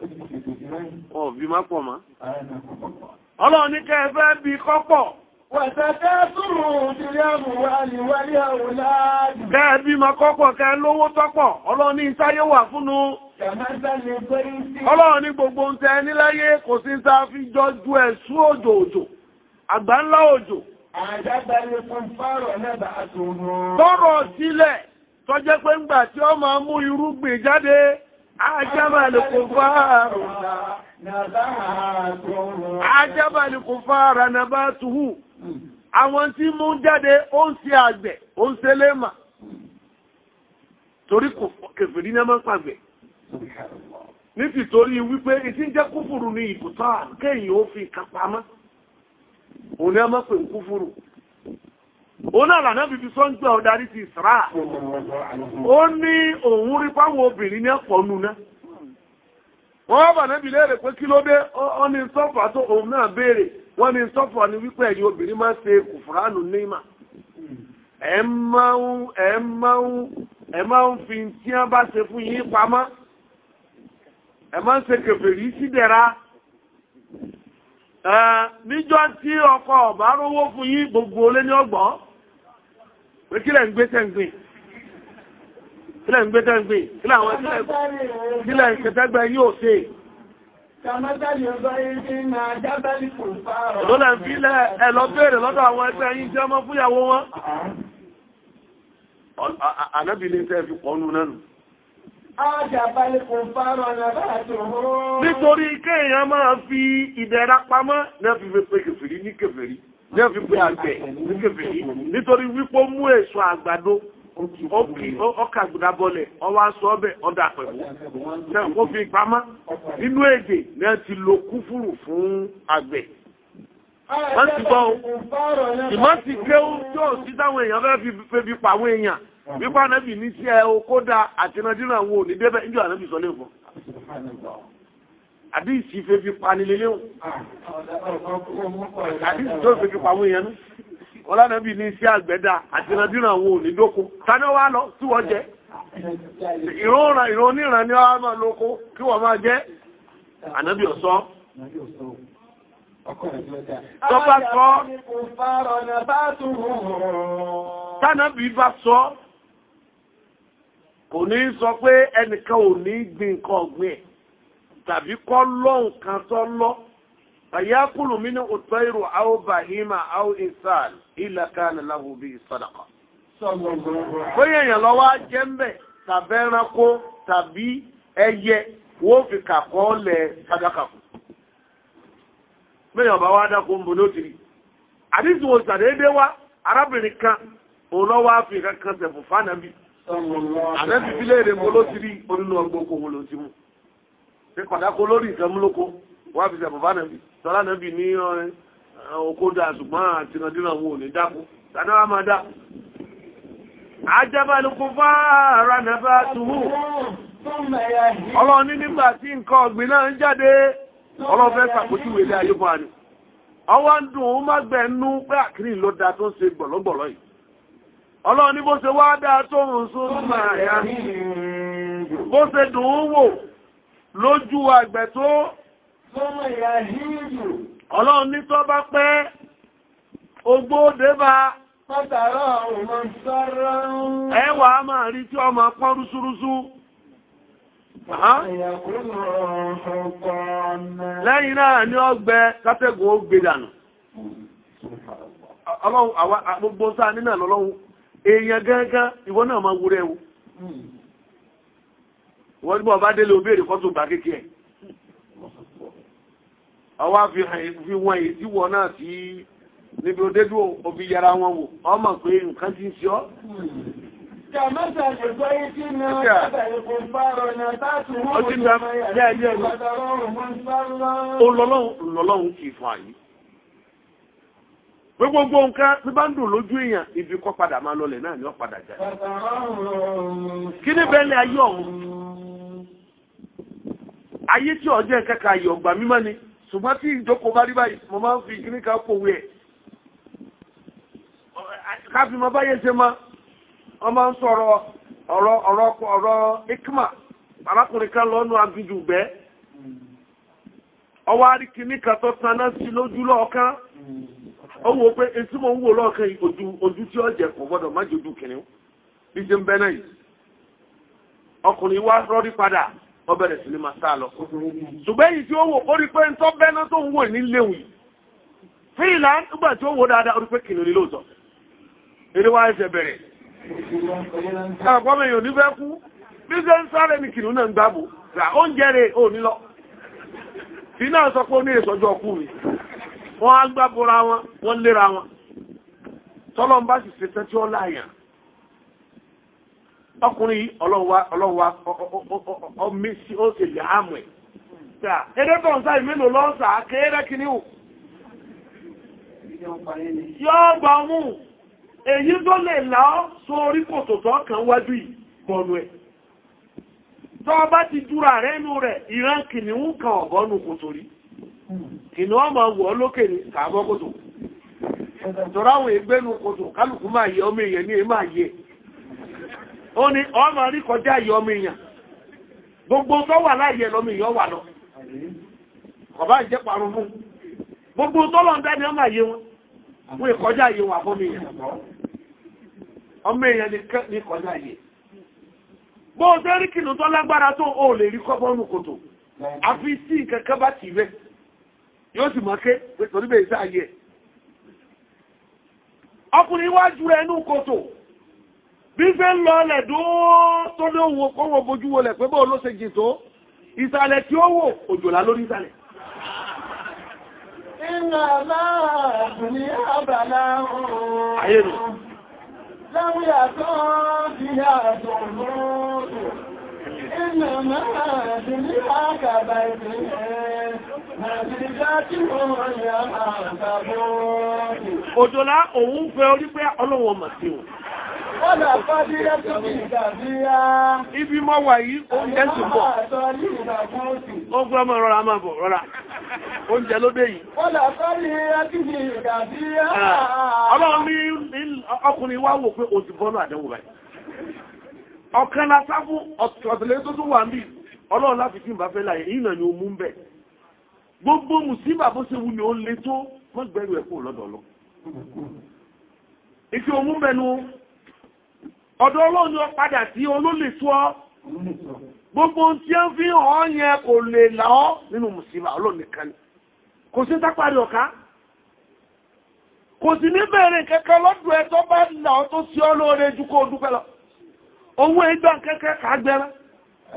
Wọ́n bí má pọ̀ má. Ọlọ́run ní kẹfẹ́ bí kọ́pọ̀. Bẹ́ẹ̀ bí ma kọ́pọ̀ kẹ lówó tọ́pọ̀, ọlọ́run ní ìsáyé wà fúnnú. Ọlọ́run ní gbogbo ń tẹ níláyé kò sí ń ta fi jọ ju ẹ̀sú òjò òjò, àgbà ńlá òjò. Àjágbàlẹ̀ fún fárọ̀ lẹ́bàá àtòrò. Tọ́rọ̀ sílẹ̀, tọ́jẹ́ pé ń gbà tí ọ máa mú irúgbìn jáde. عجب الكفار نباته عجب الكفار نباته àwọn tí mú jáde ó ń ṣe àgbẹ̀ ó ń ṣe lẹ́mà torí kèfèrí náà máa pàgbẹ̀ ní ti torí wípé ìtí òun náà lànà bíbi sọ́njọ́ ọ̀darí ti ìsìrá ó ní òun rí fáwọn obìnrin ní ẹ̀pọ̀ nù náà wọ́n bà náà bí léèrè pé kí ló dé ó ní sọ́fà tó òun náà béèrè wọ́n ní sọ́fà ní wípé ẹ̀yìn obìnrin máa ṣe kùfùránù níma ẹ máa ń fi tí wọ́n bá ṣe fún yín pamọ́ ẹ máa ń ṣe kèfèrí sídẹ̀ra níjọ́ tí ọkọ ọ̀bá rówó fún yín gbogbo olé ní ọgbọ̀n pé kílẹ̀ ń gbé tẹ́ǹgbìn kílẹ̀ ń gbé tẹ́ǹgbìn kílẹ̀ àwọn kílẹ̀ ìkẹtẹ́gbẹ́ yóò ṣe lọ́lẹ̀ ń fílẹ̀ ẹ̀lọ bèèrè lọ́dọ̀ àwọn ẹgbẹ́ yìí jẹ́ mọ́ fúyàwó wọn anábìlẹ̀ tẹ́ fi pọ̀nù nánu nítorí kéèyàn máa fi ìdẹ̀ra pamọ́ náà fi fẹ́ pé kèfèrí ní kèfèrí ní ọ̀fin pé àgbẹ̀ ní kèfèrí nítorí wípé mú èso àgbàdo ọkà àgbàdá bọ́lẹ̀ ọwọ́ aṣọ ọbẹ̀ ọdà pẹ̀lú náà ó fi nínú èdè náà ti lo kúfùrù fún àgbẹ̀ wọ́n ti gbọ́ o ìmọ̀ ti gbé o tí táwọn èèyàn fẹ́ fi febi pa àwọn èèyàn wípé ànábì ní ẹ wo ní débẹ̀ ànábì àbí ìsìfẹ́ fi pa nílé léhùn àbí ìsìtò ìfẹ́ fi pa wọ́n yẹn nú ní iṣẹ́ àgbẹ̀dá àti ìrandíran àwọn onídókó tani wá lọ tí wọ́n ní wọ́n máa kí wọ́n máa jẹ́ ànábì ọ̀sọ́ tọ́pá sọ tánàbí bá sọ kò ní sọ pé ẹnìkan ò ní gbìn ọ̀gbìn ẹ̀ tàbí kọ́ lọ́hùn kan tó lọ́ àyákùnù mínú òtọ́ìrò àwọ bahima àwọ isal ìlàkánà láhùn bí sadaqa bóyá èèyàn lọ́wọ́ jẹ́ ń tàbí ẹyẹ wọ́n fi kàkọ́ lẹ̀ sadaqa mẹ́yàn bá wá dákò ń bò lótìrí àdísù òsàdédé ṣe kọ̀dákó lórí nǹkan mú fi nàbì tọ́lá nàbì ní oko dà ṣùgbọ́n àtìrandínà wọn ò ní dákú tàbí wá máa dákú. ajábálùkù fáàrà nàbà tuhu ọlọ́run nígbà tí nǹkan ọ̀gbìn náà ń jáde ilé ayé fún ọwọ́ ń dùn pé dùn wò lójú àgbẹ̀ tó ọlọ́run ní tó bá pẹ́ ogbó débà pátàrà ọmọ sọ́rọ̀ ẹwà a máa rí tí ọmọ pọ́n rúsúrúsú lẹ́yìn náà ní ọgbẹ́ kátẹ́gùn ó dànù ọlọ́run àwọn sáà nínà lọ́lọ́run èèyàn gẹ́gẹ́ náà máa wúrẹ́ wo hmm. wọ́n bọ̀ bá délé obéèrè kọ́ tó gbà kékeré ọwá fi wọ́n èyí tí wọ́n náà sí níbi òdédú òbí yára wọn wò ọmọ pé nǹkan ti ń ṣe ọ́ Kàmọ́sà lè gbọ́ ikú ní ọjọ́ ìkùn fárọ̀ ní àtàtù wọ́n mú ìgbàmọ́ yà ní ọjọ́ Ọlọ́run kìí fún àyí. Gbogbo nǹkan tí bá ń dùn lójú èèyàn ibi kọ́ padà máa lọlẹ̀ náà ni ó padà jáde. Kí ní bẹ́ẹ̀ ni ayé ọ̀hún? ayé tí ọjọ́ ẹ̀ka ka yọ̀ ọ̀gbà mímọ́ ni ṣùgbọ́n tí ìjókòó bá rí báyìí mo máa ń fi kíní ká pòwe ẹ̀ káfí mọ báyé ṣe mọ́ wọ́n máa ń sọ̀rọ̀ ọ̀rọ̀ ọ̀rọ̀ ọ̀rọ̀ ikma arákùnrin kan lọ́nu bẹ́ẹ̀ ọwọ́ kíní kan tó sí lójú lọ́ọ̀kan ó wò pé etí mo ń wò lọ́ọ̀kan ojú ojú tí ọ̀jẹ̀ kò gbọ́dọ̀ má jòjú kìnìún bí ṣe ń bẹ́ náà yìí ọkùnrin rọ́rí padà wọ́n bẹ̀rẹ̀ sí ní máa sá lọ. ṣùgbọ́n èyí tí ó wò ó rí pé ń tọ́ bẹ́ná tó ń wò ní léwu yìí fún ìlà nígbà tí ó wò dáadáa ó rí pé kìnnìún lóòótọ́ eré wá ẹsẹ̀ bẹ̀rẹ̀. àpọ́mọ èèyàn ní kú bí ṣe ń sáré ní kìnnìún náà ń gbàbò rà oúnjẹ rẹ̀ ò ní lọ. tí náà sọ pé ó ní ìsọjú ọkú mi wọ́n á gbàbora wọn wọ́n léra wọn tọ́lọ́ ọkùnrin ọlọ́wà ọmísí ẹ̀. ń Yọ́ gbà mú, èyí tó lè láọ́ sórí wájú ẹ̀. Tọ́ bá ti dúra rẹ̀ rẹ̀, ìran ọ̀gọ́nù kòtò rí. lókè ní kàbọ́ kòtò. ìgbénu kòtò kálùkù máa yẹ ọmọ èèyàn ní máa yẹ. ó ní ọmọ rí kọjá ìyọ ọmọ èèyàn gbogbo tó wà láàyè lọmọ èèyàn wà lọ ọba ìjẹ́ parun fún gbogbo tó lọ ń dá ní ọmọ àyè wọn wọ́n ìkọjá àyè wà fún èèyàn ọmọ èèyàn ní kọjá àyè bó o tẹ́ rí kìnnù tó lágbára tó o lè rí kọ́bọ́nù kòtò àfi sí kẹ́kẹ́ bá tì bẹ́ yóò sì mọ́ ké pẹ̀tọ́ níbẹ̀ ìsáyẹ̀ ọkùnrin wájú ẹnu kòtò bí fẹ́ lọ ọlẹ̀ dúró tó ló wo kọ́wọ́ bojú wọlẹ̀ pé bọ́ ló ṣe jìn tó ìsàlẹ̀ tí ó wò òjòlá lórí ìsàlẹ̀ Iná máa ní àbàlá oòrùn. Láwí àtọ́ bí àjò lóòrùn. Iná máa bí ní àkàbà ìpínlẹ̀. Nàìjíríà tí wọ́n yà àkàbò. Òjòlá òun fẹ́ orí pé ọlọ́wọ̀ màtíwò. Ibi mọ́ wà yìí, oúnjẹ sì bọ̀. Ó gbọ́ mọ́ rọra máa bọ̀ rọra. Oúnjẹ ló dé yìí. Ah, Ọlọ́run ní ọkùnrin wá wò pé òjìbọ́nù àdẹ́wò báyìí. Ọ̀kan la sáfú ọ̀tọ̀lẹ́ tó tún wà ń bí. Ọlọ́run láti fi ń bá fẹ́ láyé, ìnà ni ó mú ń bẹ̀. Gbogbo mùsíbà bó ṣe wù ni ó le tó, wọ́n gbẹ̀rù ẹ̀kú lọ́dọ̀ lọ. Ìfi òmú bẹnu ọ̀dọ̀ ọlọ́run ni ọ padà sí olólè tó gbogbo tí ó fi hàn yẹn kò lè láọ́ nínú mùsíbà ọlọ́run nìkan ni kò sí tápàrí ọ̀ká kò sí ní bẹ̀rẹ̀ kẹ́kẹ́ lọ́dún ẹ tó tó sí ju kó dúpẹ́ lọ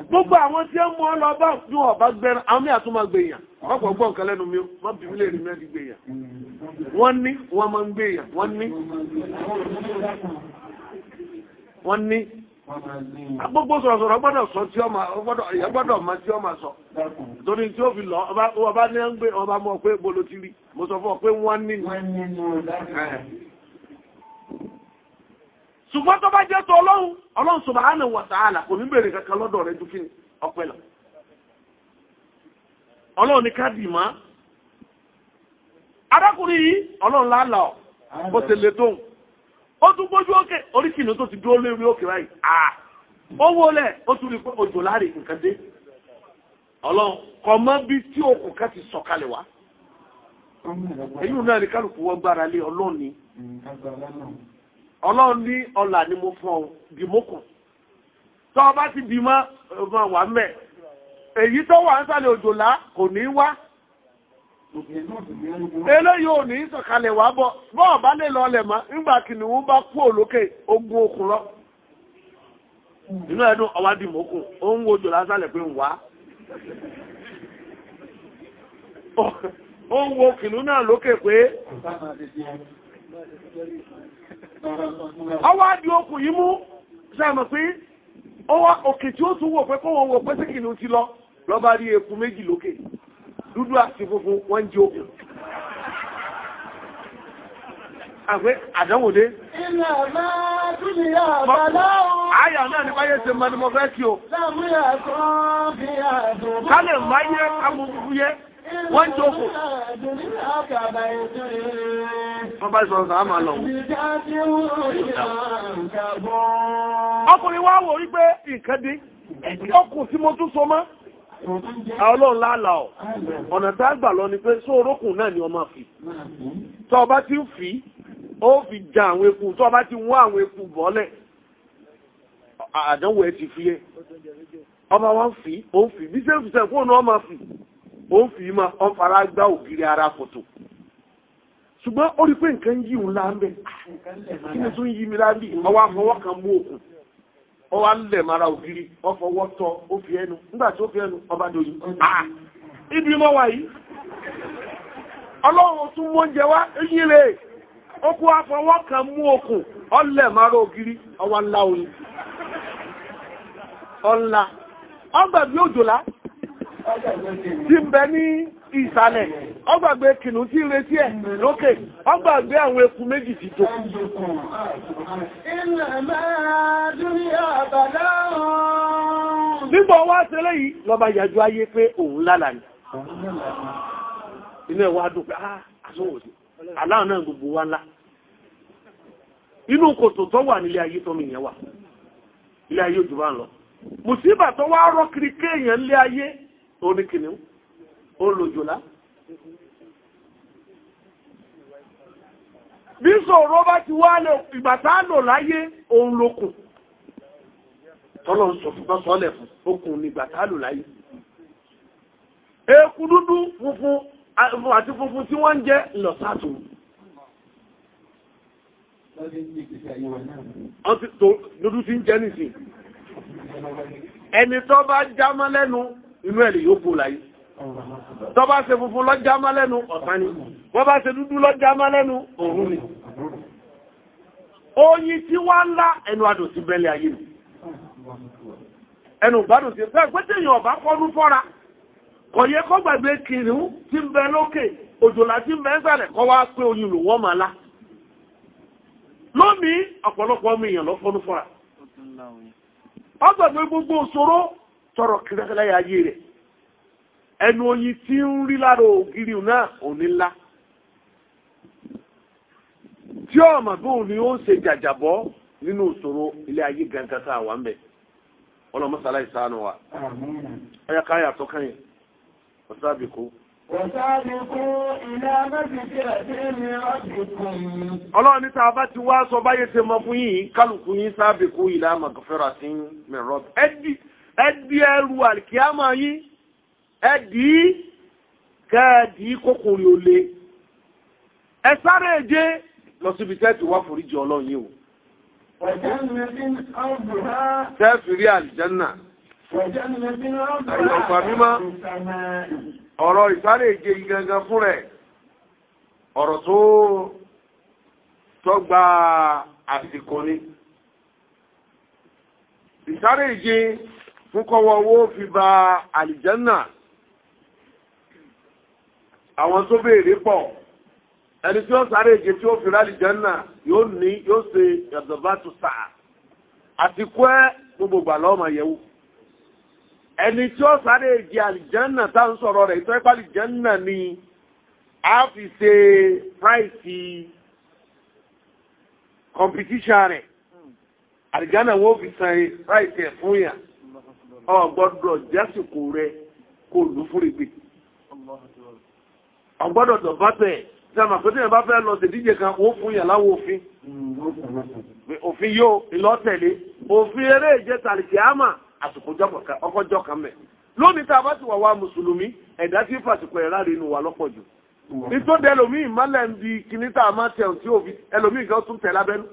gbogbo àwọn tí ó mú ọ lọ bá ní ọ̀bá gbẹ́rẹ́ àwọn mìíràn tó máa ọ̀pọ̀ lẹ́nu mi ó má bí rí mẹ́rin nwanne ní gbogbo sọ̀rọ̀sọ̀rọ̀ gbọ́dọ̀ sọ tí ọmọ ma tí ọmọ sọ torí tí ó fi lọ ọba ní ọba ọ pé wọ́n nínú ṣùgbọ́n tó bá jẹ́ tó ọlọ́run ọlọ́run subhanahu wa kò ní bèèrè kankan lọ́dọ̀ lọ ọlọ́run ní káàdì mọ́ arákùnrin yìí ọlọ́run bó ó tún gbójú òkè oríkìnà tó ti dúró lórí òkè báyìí àà ó wọlẹ̀ ó tún rí pé òjò láre nǹkan dé ọlọ́run kọ mọ́ bí tí òkun ká ti sọ̀kalẹ̀ wá èyí náà ni kálukú wọ́n gbára lé ọlọ́run ni ọlọ́run ní ọlà ni mo fọ́ dìmókùn tọ́ ọ bá ti dì ọmọ wà mẹ́ èyí tó wà ń sálẹ̀ òjò lá kò ní wá eléyìí ò ní sọ̀kalẹ̀ wá bọ̀ bọ́ọ̀ bá lè lọ lẹ̀ mọ́ nígbà kìnìún bá kú òlókè ogun okùn lọ inú ẹ̀dùn ọwá di mọ́kùn ó ń wojò lásàlẹ̀ pé ń wá ó ń wo kìnìún náà lókè pé ọwá di okùn yìí mú sẹ́mọ̀ pé òkè tí ó tún wò pé kó lọ rí méjì dúdú àti funfun wọ́n jí okùn àgbé àdánwòdé àyà náà ní báyé ṣe mọ́ni mọ́ fẹ́ kí o kálẹ̀ máyé amúrúyé wọ́n jí okùn wọ́n bá ìṣòro sàá máa lọ ọkùnrin wá wò rí nǹkan dín ọkùn tí mo tún so mọ́ ọlọ́run láàlà ọ̀ ọ̀nà tá a gbà lọ ni pé só orókùn náà ni ọmọ fi tó ọba ti ń fi ó fi ja àwọn eku tó ọba ti wọ́n àwọn eku bọ́lẹ̀ àdánwò ẹ ti fi ẹ ọba wa ń fi ó ń fi bí sẹ́fù sẹ́fù òun náà máa fi ó ń fi máa ọ fara gbá ògiri ara kòtò ṣùgbọ́n ó rí pé nǹkan yí òun láńbẹ̀ kí ni tún yí mi láńbì ọwọ́ àfọwọ́ kan mú òkun ọ wá lẹ̀ mara ogiri ó fọwọ́ tọ ó fi ẹnu nígbà tí ó fi ẹnu ọba dòyìn ah! ibi mọwa yi yìí ọlọ́run tún mú oúnjẹ wá eyín rẹ̀ ó kú afọwọ́ kan mú okùn mara ogiri ọwọ́ ńlá oyin ọ̀la ọgbàgbé òjòlá ti bẹ ní ìsàlẹ̀ ọgbàgbé kìnnú tí retí ẹ̀ lókè ọgbàgbé àwọn eku méjì ti tó nígbà wá tẹ́lẹ̀ yìí ọwụwa yàjú ayé pé òun lálàá ni inú ẹ̀wà dùn pé ah, gbogbo wa ńlá inú kòtò tó wà nílé ayé tó mìíràn wà ilé ayé òjò olùjòlá bí sọ̀rọ̀ bá ti wá lẹ ìgbàtà lò láyé òun lókùn tọ́lọ̀ ń sọ fúnbá sọ́lẹ̀ fún okùn ní ìgbàtà lò láyé eku dúdú funfun àti funfun tí wọ́n ń jẹ́ lọ́sàtò dúdú tí ń jẹ́ nìsìn ẹni tó bá jámọ́ lẹ́nu inú ẹ̀lì yóò bò láyé tó bá ṣe funfun lọ́jà má lẹ́nu ọ̀sán ni wọ́n bá ṣe dúdú lọ́jà má lẹ́nu òun ni oyin tí wá ńlá ẹnu adò sí bẹ́lẹ̀ ayé nù ẹnu ìgbádùn sí fẹ́ pé tèèyàn ọ̀bá kọ́nú fọ́ra kò yẹ kó gbàgbé kìrìún tí ń bẹ lókè òjòlá tí ń bẹ sàlẹ̀ kọ́ wá pé oyin lò wọ́n máa lá lónìí ọ̀pọ̀lọpọ̀ ọmọ èèyàn lọ kọ́nú fọ́ra ọgbàgbé gbogbo òṣòro tọrọ kìrẹ́kẹ́lẹ́ ayé rẹ̀ ẹnu oyin tí ń rí lára ògiri náà òní ńlá tí ọmọ bí òun ni ó ń ṣe jàjàbọ́ nínú ìṣòro ilé ayé gangan tá a wà ń bẹ ọlọmọsàlá ìsànù wa ọyá káyà tó kẹyìn ọ̀sáàbì kú. Ọlọ́run ní ta bá ti wá sọ báyé ṣe mọ fún yìí kálùkù yín sáàbì kú ìlà màgọ́fẹ́ra sí mẹ́rọ́bì. Ẹ di ẹrù àlìkíyàmọ̀ yín ẹ̀dì kẹ́ẹ̀dì kòkòrò olè ẹ sáré èdè lọ síbi tẹ́ẹ̀tì wá foríjì ọlọ́run yìí o tẹ́ẹ̀fìrí àlìjánà ẹ̀yọ̀ ọ̀pá mímọ́ ọ̀rọ̀ ìsáré èdè gangan fún rẹ̀ ọ̀rọ̀ tó tọ́gba àsìkò ni ìsáré èdè fún kọwọ́ owó fi ba àlìjánà àwọn tó béèrè pọ̀ ẹni tí ó sáré èjì tí ó fi rálì jẹ́nà yóò ní yóò ṣe ẹ̀dọ̀bá tó sà àti kú ẹ́ gbogbo gbà lọ́mọ yẹ̀wò ẹni tí ó sáré èjì àlìjẹ́nà tá ń sọ̀rọ̀ rẹ̀ ìtọ́ ìpá àlìjẹ́nà ni a fi ṣe price competition rẹ̀ àlìjẹ́nà wọ́n fi san ẹ̀ fún yà rẹ̀ kó lù ọgbọ́dọ̀ dọ̀bá bẹ̀ sáàmà pé tíyàn bá fẹ́ lọ sí díje kan ó fún yà láwọ òfin òfin yóò ìlọ́tẹ̀lé òfin eré ìjẹ tàlìkì àmà àsìkòjọ́ ọkọjọ́ kan mẹ́ lónìí tá a bá ti wà wá mùsùlùmí ẹ̀dá tí fàṣìkò ẹ̀rá rí inú wa lọ́pọ̀ jù nítorí ẹlòmíì mọ́lẹ̀ ń bi kíní tá a máa tẹ̀hùn tí òfin ẹlòmíì kan tún tẹ̀ lábẹ́nu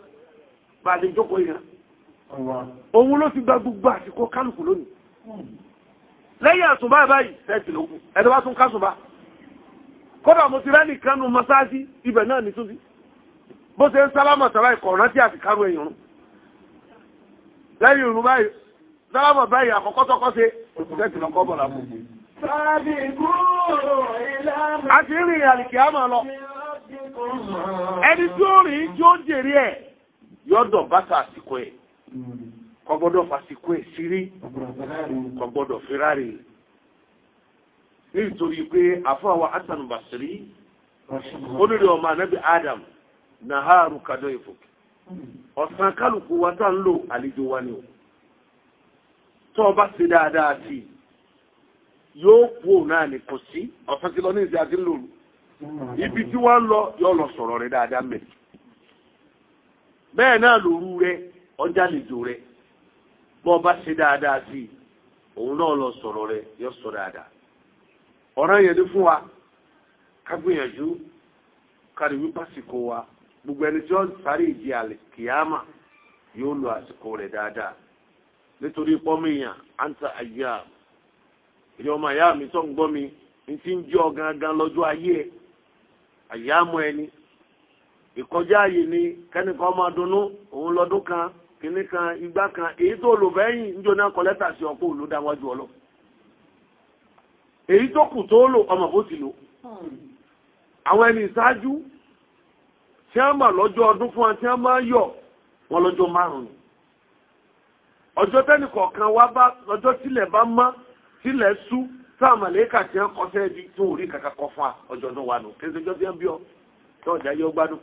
bá a ti jókòó yẹn òun ló ti gba gbogbo àsìkò kálukú lónìí lẹ́yìn àsùnbá báyìí fẹ́ẹ̀ tì ẹ̀dọ́ bá tún kásùnbá kódà mo ti rẹ́nì kanú mọ́sáàsì ibẹ̀ náà ní túnbí bó ṣe ń sálámà tàbí ìkọ̀ rántí àti kárù ẹ̀yìn lẹ́yìn ìrún báyìí sálámà báyìí àkọ́kọ́ tọ́kọ́ ṣe òṣìṣẹ́ ti bọ̀lá fún mi. a ti nítorí pé àfọwà asan basiri olórí ọmọ anábì adam naharu kadọ ifo ọ̀sán kálukú wa tá ń lò àlejò wa ni o tó ọba ṣe dáadáa sí yóò kú òun náà ní kò sí ọ̀sán kí lọ ní àti lòlù ibi tí wọ́n lọ yóò lọ sọ̀rọ̀ rẹ̀ dáadáa mẹ́ bẹ́ẹ̀ náà lòru rẹ ọjà rẹ bọ́ ọba dáadáa sí òun ọ̀ràn yẹn ni fún wa ká gbìyànjú kárí wípé àsìkò wa gbogbo ẹni tí ó sáré ìdí àlè kìámà yóò lo àsìkò rẹ̀ dáadáa nítorí pọ́mì yàn á à ìyá ọmọ mi tó ń gbọ́ mi ní ti ń jẹ́ gangan lọ́jọ́ ayé ẹ̀ ẹni èyí tó kù tó lò ọmọ bó ti lò àwọn ẹni ìsáájú tí a máa lọ́jọ́ ọdún fún wa tí a máa yọ wọn lọ́jọ́ márùn-ún ọjọ́ tẹ́nìkọ̀ọ̀kan wá bá lọ́jọ́ tílẹ̀ bá má tílẹ̀ sú sáà màlẹ́kà tí a kọsẹ́ ibi tó rí kàkà kọ fún ọjọ́ náà wà nù tí a ń bí ọ tí ọjà yọ gbádùn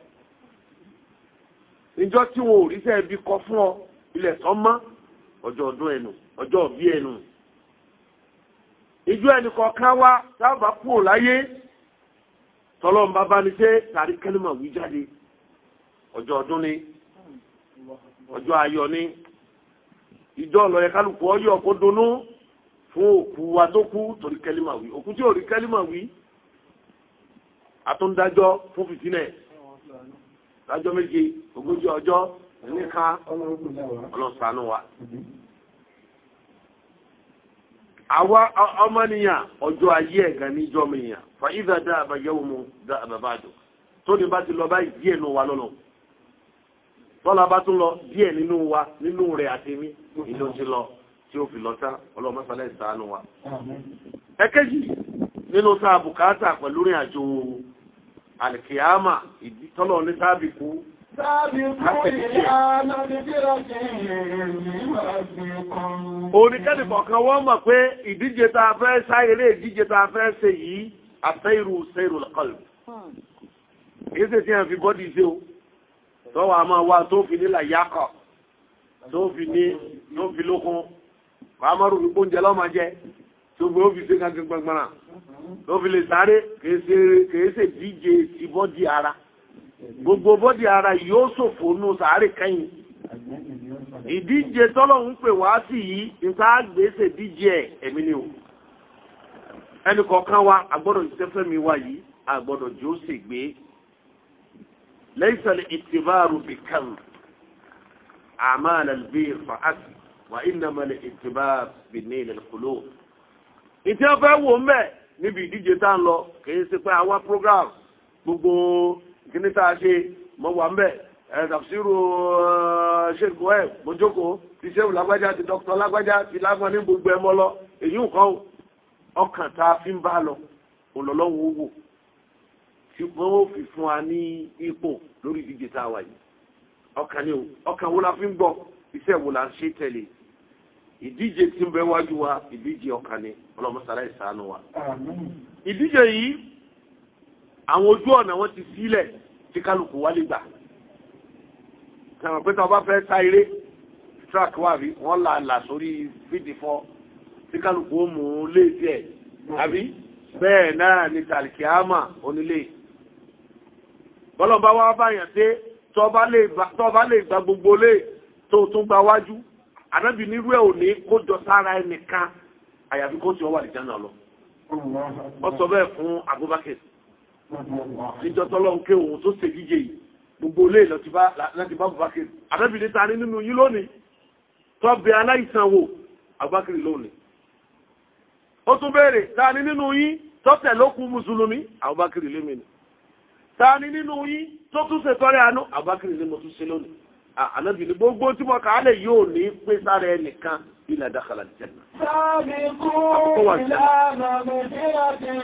níjọ́ tí wọn ò rí sẹ́ẹ̀bí kọ fún ọ ilẹ̀ tán má ọjọ́ ọdún ẹnu ọjọ́ ọbí ẹnu ìjọ ẹnìkọ̀ọ̀kan wá sábà kú ò láyé tọ́lọ́n bá bá ní ṣe tàrí kẹ́lìmọ̀ wí jáde ọjọ́ ọdún ni ọjọ́ ayọ̀ ni ìjọ ọlọ́yẹ kálukú ọyọ̀ kó dunnú fún òkú wa tó kú torí kẹ́lìmọ̀ wí òkú tí ò rí kẹ́lìmọ̀ wí àtúndájọ́ fún fìtínẹ̀ dájọ́ méje ogójì ọjọ́ ẹnìkan ọlọ́sànú wa. awa ọmọnìyàn ọjọ́ ayé ẹ̀gàn níjọ́ mìíyàn fa ìdá dáàbà yẹ́wò mú dáàbà bá tó ní bá ti lọ wa lọ́nà tọ́lá bá tún lọ díẹ̀ wa nínú rẹ̀ àti mí ti lọ tí ó fi lọ tán ọlọ́mọsálẹ̀ ìsànú wa. ẹ̀kẹ́jì nínú sáà bùkátà pẹ̀lú rìn àjò àlìkìyàmà ní sáàbì Oníkẹ́lìkọ̀ kan wọ́n mọ̀ pé ìdíje ta fẹ́ sáyẹ̀lé ìdíje ta fẹ́ ṣe yìí àtẹ́rù sẹ́rù lọ́kọlù. Èyí sì tí a fi bọ́dì ṣe o, tọ́wà máa wá tó fi nílà yákọ̀, tó fi ní tó fi lókun, pàmọ́rù wípó ń lọ́mà jẹ, tó gbé ó fi ṣe gangan gbangbanà, ara. gbogbo bọ́dì ara yóò ṣòfò nù sàárè kẹ́yìn ìdíje tọ́lọ́hún pè wá sí yìí nǹkan àgbèsè díje ẹ̀ ẹ̀mí ni o ẹnì kọ̀ọ̀kan wa àgbọ́dọ̀ ìṣẹ́fẹ́ mi wá yìí àgbọ́dọ̀ jò ó sì gbé lẹ́yìn ìtìbáàrù bìkan àmàlà bí fàásì wà ìnàmàlà ìtìbáàrù bìnnì ìlẹ̀kùlò ìtì ọ̀fẹ́ wò ń bẹ̀ níbi ìdíje tá ń lọ kì í ṣe pé program gbogbo kíní tá a ṣe mo wà ń bẹ̀ tàfsírù ṣègùn ẹ̀ mo jókòó ti ṣéwù lágbájá ti dókítà lágbájá ti lágbọ́n ní gbogbo ẹmọ lọ èyí nǹkan ọkàn tá a fi ń bá lọ òlọ́lọ́wọ́ owó tí wọ́n ó fi fún wa ní ipò lórí ìdíje tá a wà yìí ọkàn ni o ọkàn wo la fi ń gbọ́ iṣẹ́ wo la ń ṣe tẹ̀lé ìdíje tí ń bẹ wájú wa ìdíje ọkàn ni ọlọ́mọ sàlàyé wa ìdíje yìí àwọn ojú ọ̀nà wọn ti sílẹ̀ tí kálukú wá lè gbà sàmọ̀ pé tọ́ bá fẹ́ sá eré track wà rí wọ́n là là sórí fídì fọ́ tí kálukú ó mú un lé díẹ̀ àbí bẹ́ẹ̀ náà ni tàlìkíámà onílé bọ́lọ̀bá wá báyàn pé tọ́ bá lè gba gbogbo lé tó tún gba wájú ànábì nírú ẹ̀ ò ní kó jọ sára ẹnìkan àyàfi kó tí wọ́n wà lè lọ. wọ́n sọ bẹ́ẹ̀ fún Abubakar níjọ́ tọ́lọ́run ké òun tó ṣe jíjẹ yìí gbogbo olè láti bá bùbákiri àbẹ́bìnrin ta ní nínú yín lónìí tó bẹ aláìsàn wò àbákiri lónìí ó tún béèrè ta ní nínú yín tó tẹ̀ lókun mùsùlùmí àbákiri lémi ni ta ní nínú yín tó tún ṣe tọrẹ àánú àbákiri ni mo tún ṣe lónìí àbẹ́bìnrin gbogbo tí mo kà á lè yóò ní pé sára إلى دخل الجنة سابقوا إلى مغفرة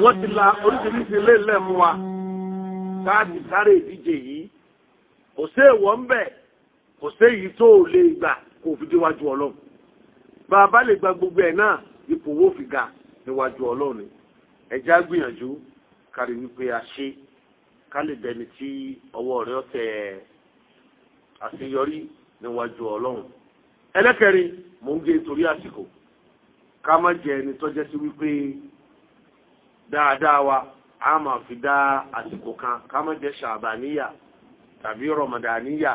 wọ́n ti la oríṣiríṣi lélẹ̀ mú wa káàdì sáré ìdíje yìí kò sí èèwọ̀ ń bẹ̀ kò sí èyí tó lè gbà kò fi déwájú ọlọ́run bàbá lè gba gbogbo ẹ̀ náà ipò owó fi ga níwájú ọlọ́run ẹ̀já gbìyànjú kárí wípé a ṣe ká dẹni tí ọwọ́ rẹ̀ ọ̀tẹ̀ àṣeyọrí níwájú ọlọ́run ẹlẹ́kẹrin mò ń gé torí àsìkò ká má jẹ ẹni tó jẹ́ sí wípé dáadáa wa a máa fi dá àsìkò kan ká má jẹ ṣàbàníyà tàbí rọmọdàníyà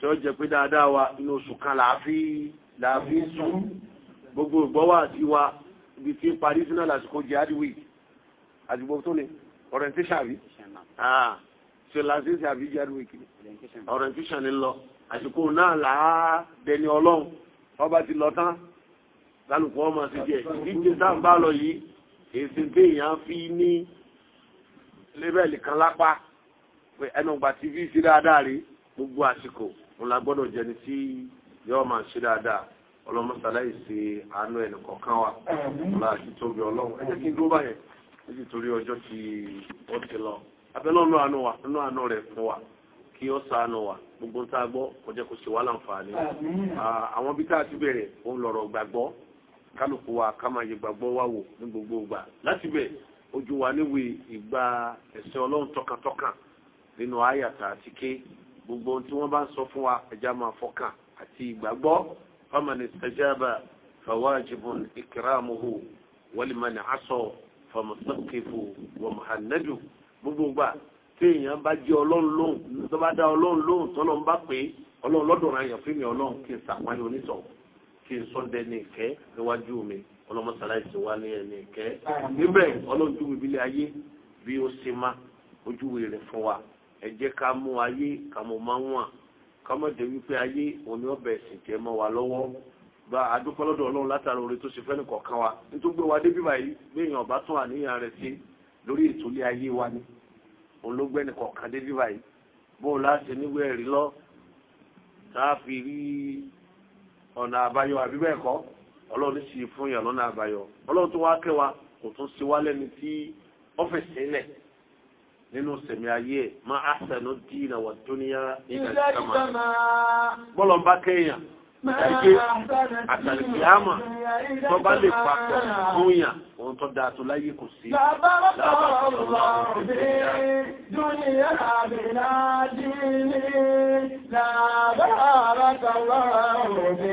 tí ó jẹ pé dáadáa wa inú oṣù kan láàfí láàfí sùn gbogbo ìgbọ́wà àti wa ibi tí parí sínú àlàsìkò jẹ́ àdìwì àdìgbò tó lè orientation àbí ṣe láti ṣe àbí jẹ́ àdìwì orientation ni lọ àsìkò náà làá dẹni ọlọ́run ọba ti lọ tán lálùkọ́ ọmọ sí jẹ́ ìdíje tá ń bá lọ yìí èsì tí èèyàn fi ní lébẹ̀lì kan lápá pé ẹnu gba tv sí dáadáa rí gbogbo àsìkò ńlá gbọ́dọ̀ jẹni tí yóò máa ṣe dáadáa ọlọ́mọsàlàyé ṣe àánú ẹnì kọ̀ọ̀kan wa ńlá àti tóbi ọlọ́run ẹ jẹ́ kí n dúró báyẹn nítorí ọjọ́ tí ó ti lọ abẹ́lẹ́ ọ̀nà àánú rẹ̀ fún wa kí ó sànù wa gbogbo tá a gbọ́ kó jẹ́ kó ṣe wá láǹfààní àwọn bí tá a ti bẹ̀rẹ̀ òun lọ̀rọ̀ gbàgbọ́ kálukú wa ká máa yẹ gbàgbọ́ wa wò ní gbogbo ìgbà láti bẹ̀ ojú wa níwe ìgbà ẹ̀sìn ọlọ́run tọkàntọkàn nínú àyàtà àti ké gbogbo tí wọ́n bá ń sọ fún wa ẹja máa fọkàn àti ìgbàgbọ́ fámánì tẹjábà fàwájibùn ìkìrámuhu wọlìmánì asọ fàmùsọ́kẹ́fù wọ̀mùhànẹ́dù gbogbo ìgbà tí èèyàn bá jẹ́ ọlọ́run lóhùn tó bá dá ọlọ́run lóhùn tọ́lọ́ ń bá pé ọlọ́run lọ́dọ̀ ra yàn fíìmì ọlọ́run kí n sàpáyé onítọ̀ kí n sọ́ndẹ ní ìkẹ́ níwájú mi ọlọ́mọsàláìsì wá ní ẹni ìkẹ́ níbẹ̀ ọlọ́run júwe ìbílẹ̀ ayé bí ó ṣe má ojúwe rẹ̀ fún wa ẹ jẹ́ ká mú ayé ká mọ̀ máa ń wà ká mọ̀ dé wípé ayé òní ọbẹ̀ ẹ̀sìn tiẹ̀ mọ́ wa lọ́wọ́ gba adúpọ́lọ́dọ̀ ọlọ́run látara oore tó ṣe fẹ́ nìkọ̀ọ̀kan wa nítorí pé wa dé bíbá yìí gbé èèyàn ọ̀bá tún àníyàn rẹ̀ sí lórí ètò ilé ayé wa ni olóògbẹ́ni kọ̀ọ̀kan dé bíbá bó o láti níwé ẹ̀rí lọ tá fi rí ọ̀nà àbáyọ àbí bẹ́ẹ̀ kọ́ ọlọ́run sì fún yàn lọ́nà àbáyọ ọlọ́run tó wá kẹwa kò tún sí wá lẹ́ni tí ọ́fẹ̀sì lẹ̀ nínú sẹ̀mí ayé ẹ̀ máa àṣà ló dín Ẹgbẹ́ àtàlìkìámà tó bá lè papọ̀ fún yàn ohun tó dáa tó láyé kò sí. Bàbá bàbá ọ̀rọ̀ bí dúnìyà àbìnà dínì, bàbá bàbá ọ̀rọ̀ bí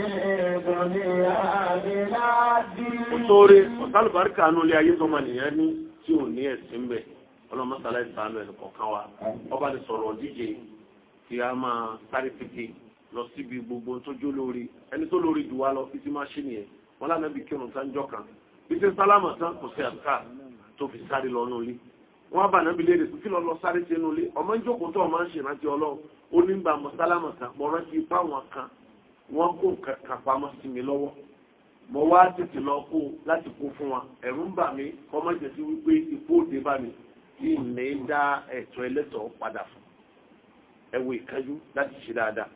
dúnìyà àbìnà dínì. Ó tóore, ọ̀tálùbáríkà nú ilé ayé tó mà nìyẹn ní tí ò ní ẹ̀sìn bẹ̀. Ọlọ́mọ́sálá ìsàánú ẹ̀ kọ̀ọ̀kan wa, ọba lè sọ̀rọ̀ díje tí a máa sáré títí lọ síbi gbogbo tó jó lórí ẹni tó lórí jù wá lọ fi ti máa ṣe nìyẹn wọn lánàá bí kírun tá ń jọ kan bí ti sálámà tán kò sí àtúkà tó fi sáré lọ nù lé wọn bá nàbí léèrè tó kí lọ lọ sáré ṣe nù lé ọmọ ń jókòó tó ọmọ ń ṣèrántí ọlọ́run ó ní bá mọ sálámà tán mọ rántí ipá wọn kan wọn kó kàpamọ́ sí mi lọ́wọ́ mo wá tètè lọ kó láti kó fún wa ẹ̀rù ń bà mí kọ́mọ́jẹ̀ sí wípé ipò òde bá mi tí ìmẹ̀ dá ẹ̀tọ́ ẹlẹ́tọ̀ọ́ padà fún ẹ̀wọ̀ ìkájú láti ṣe dáadáa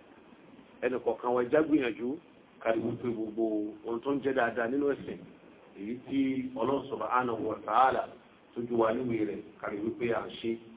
ẹnì kọ̀ọ̀kan wa ẹja gbìyànjú kàdìgbò pé gbogbo ohun tó ń jẹ́ dáadáa nínú ẹ̀sẹ̀ èyí tí Ọlọ́run subhanahu wa ta'ala tójú wa níwèé rẹ̀ kàdìgbò pé à ń ṣe é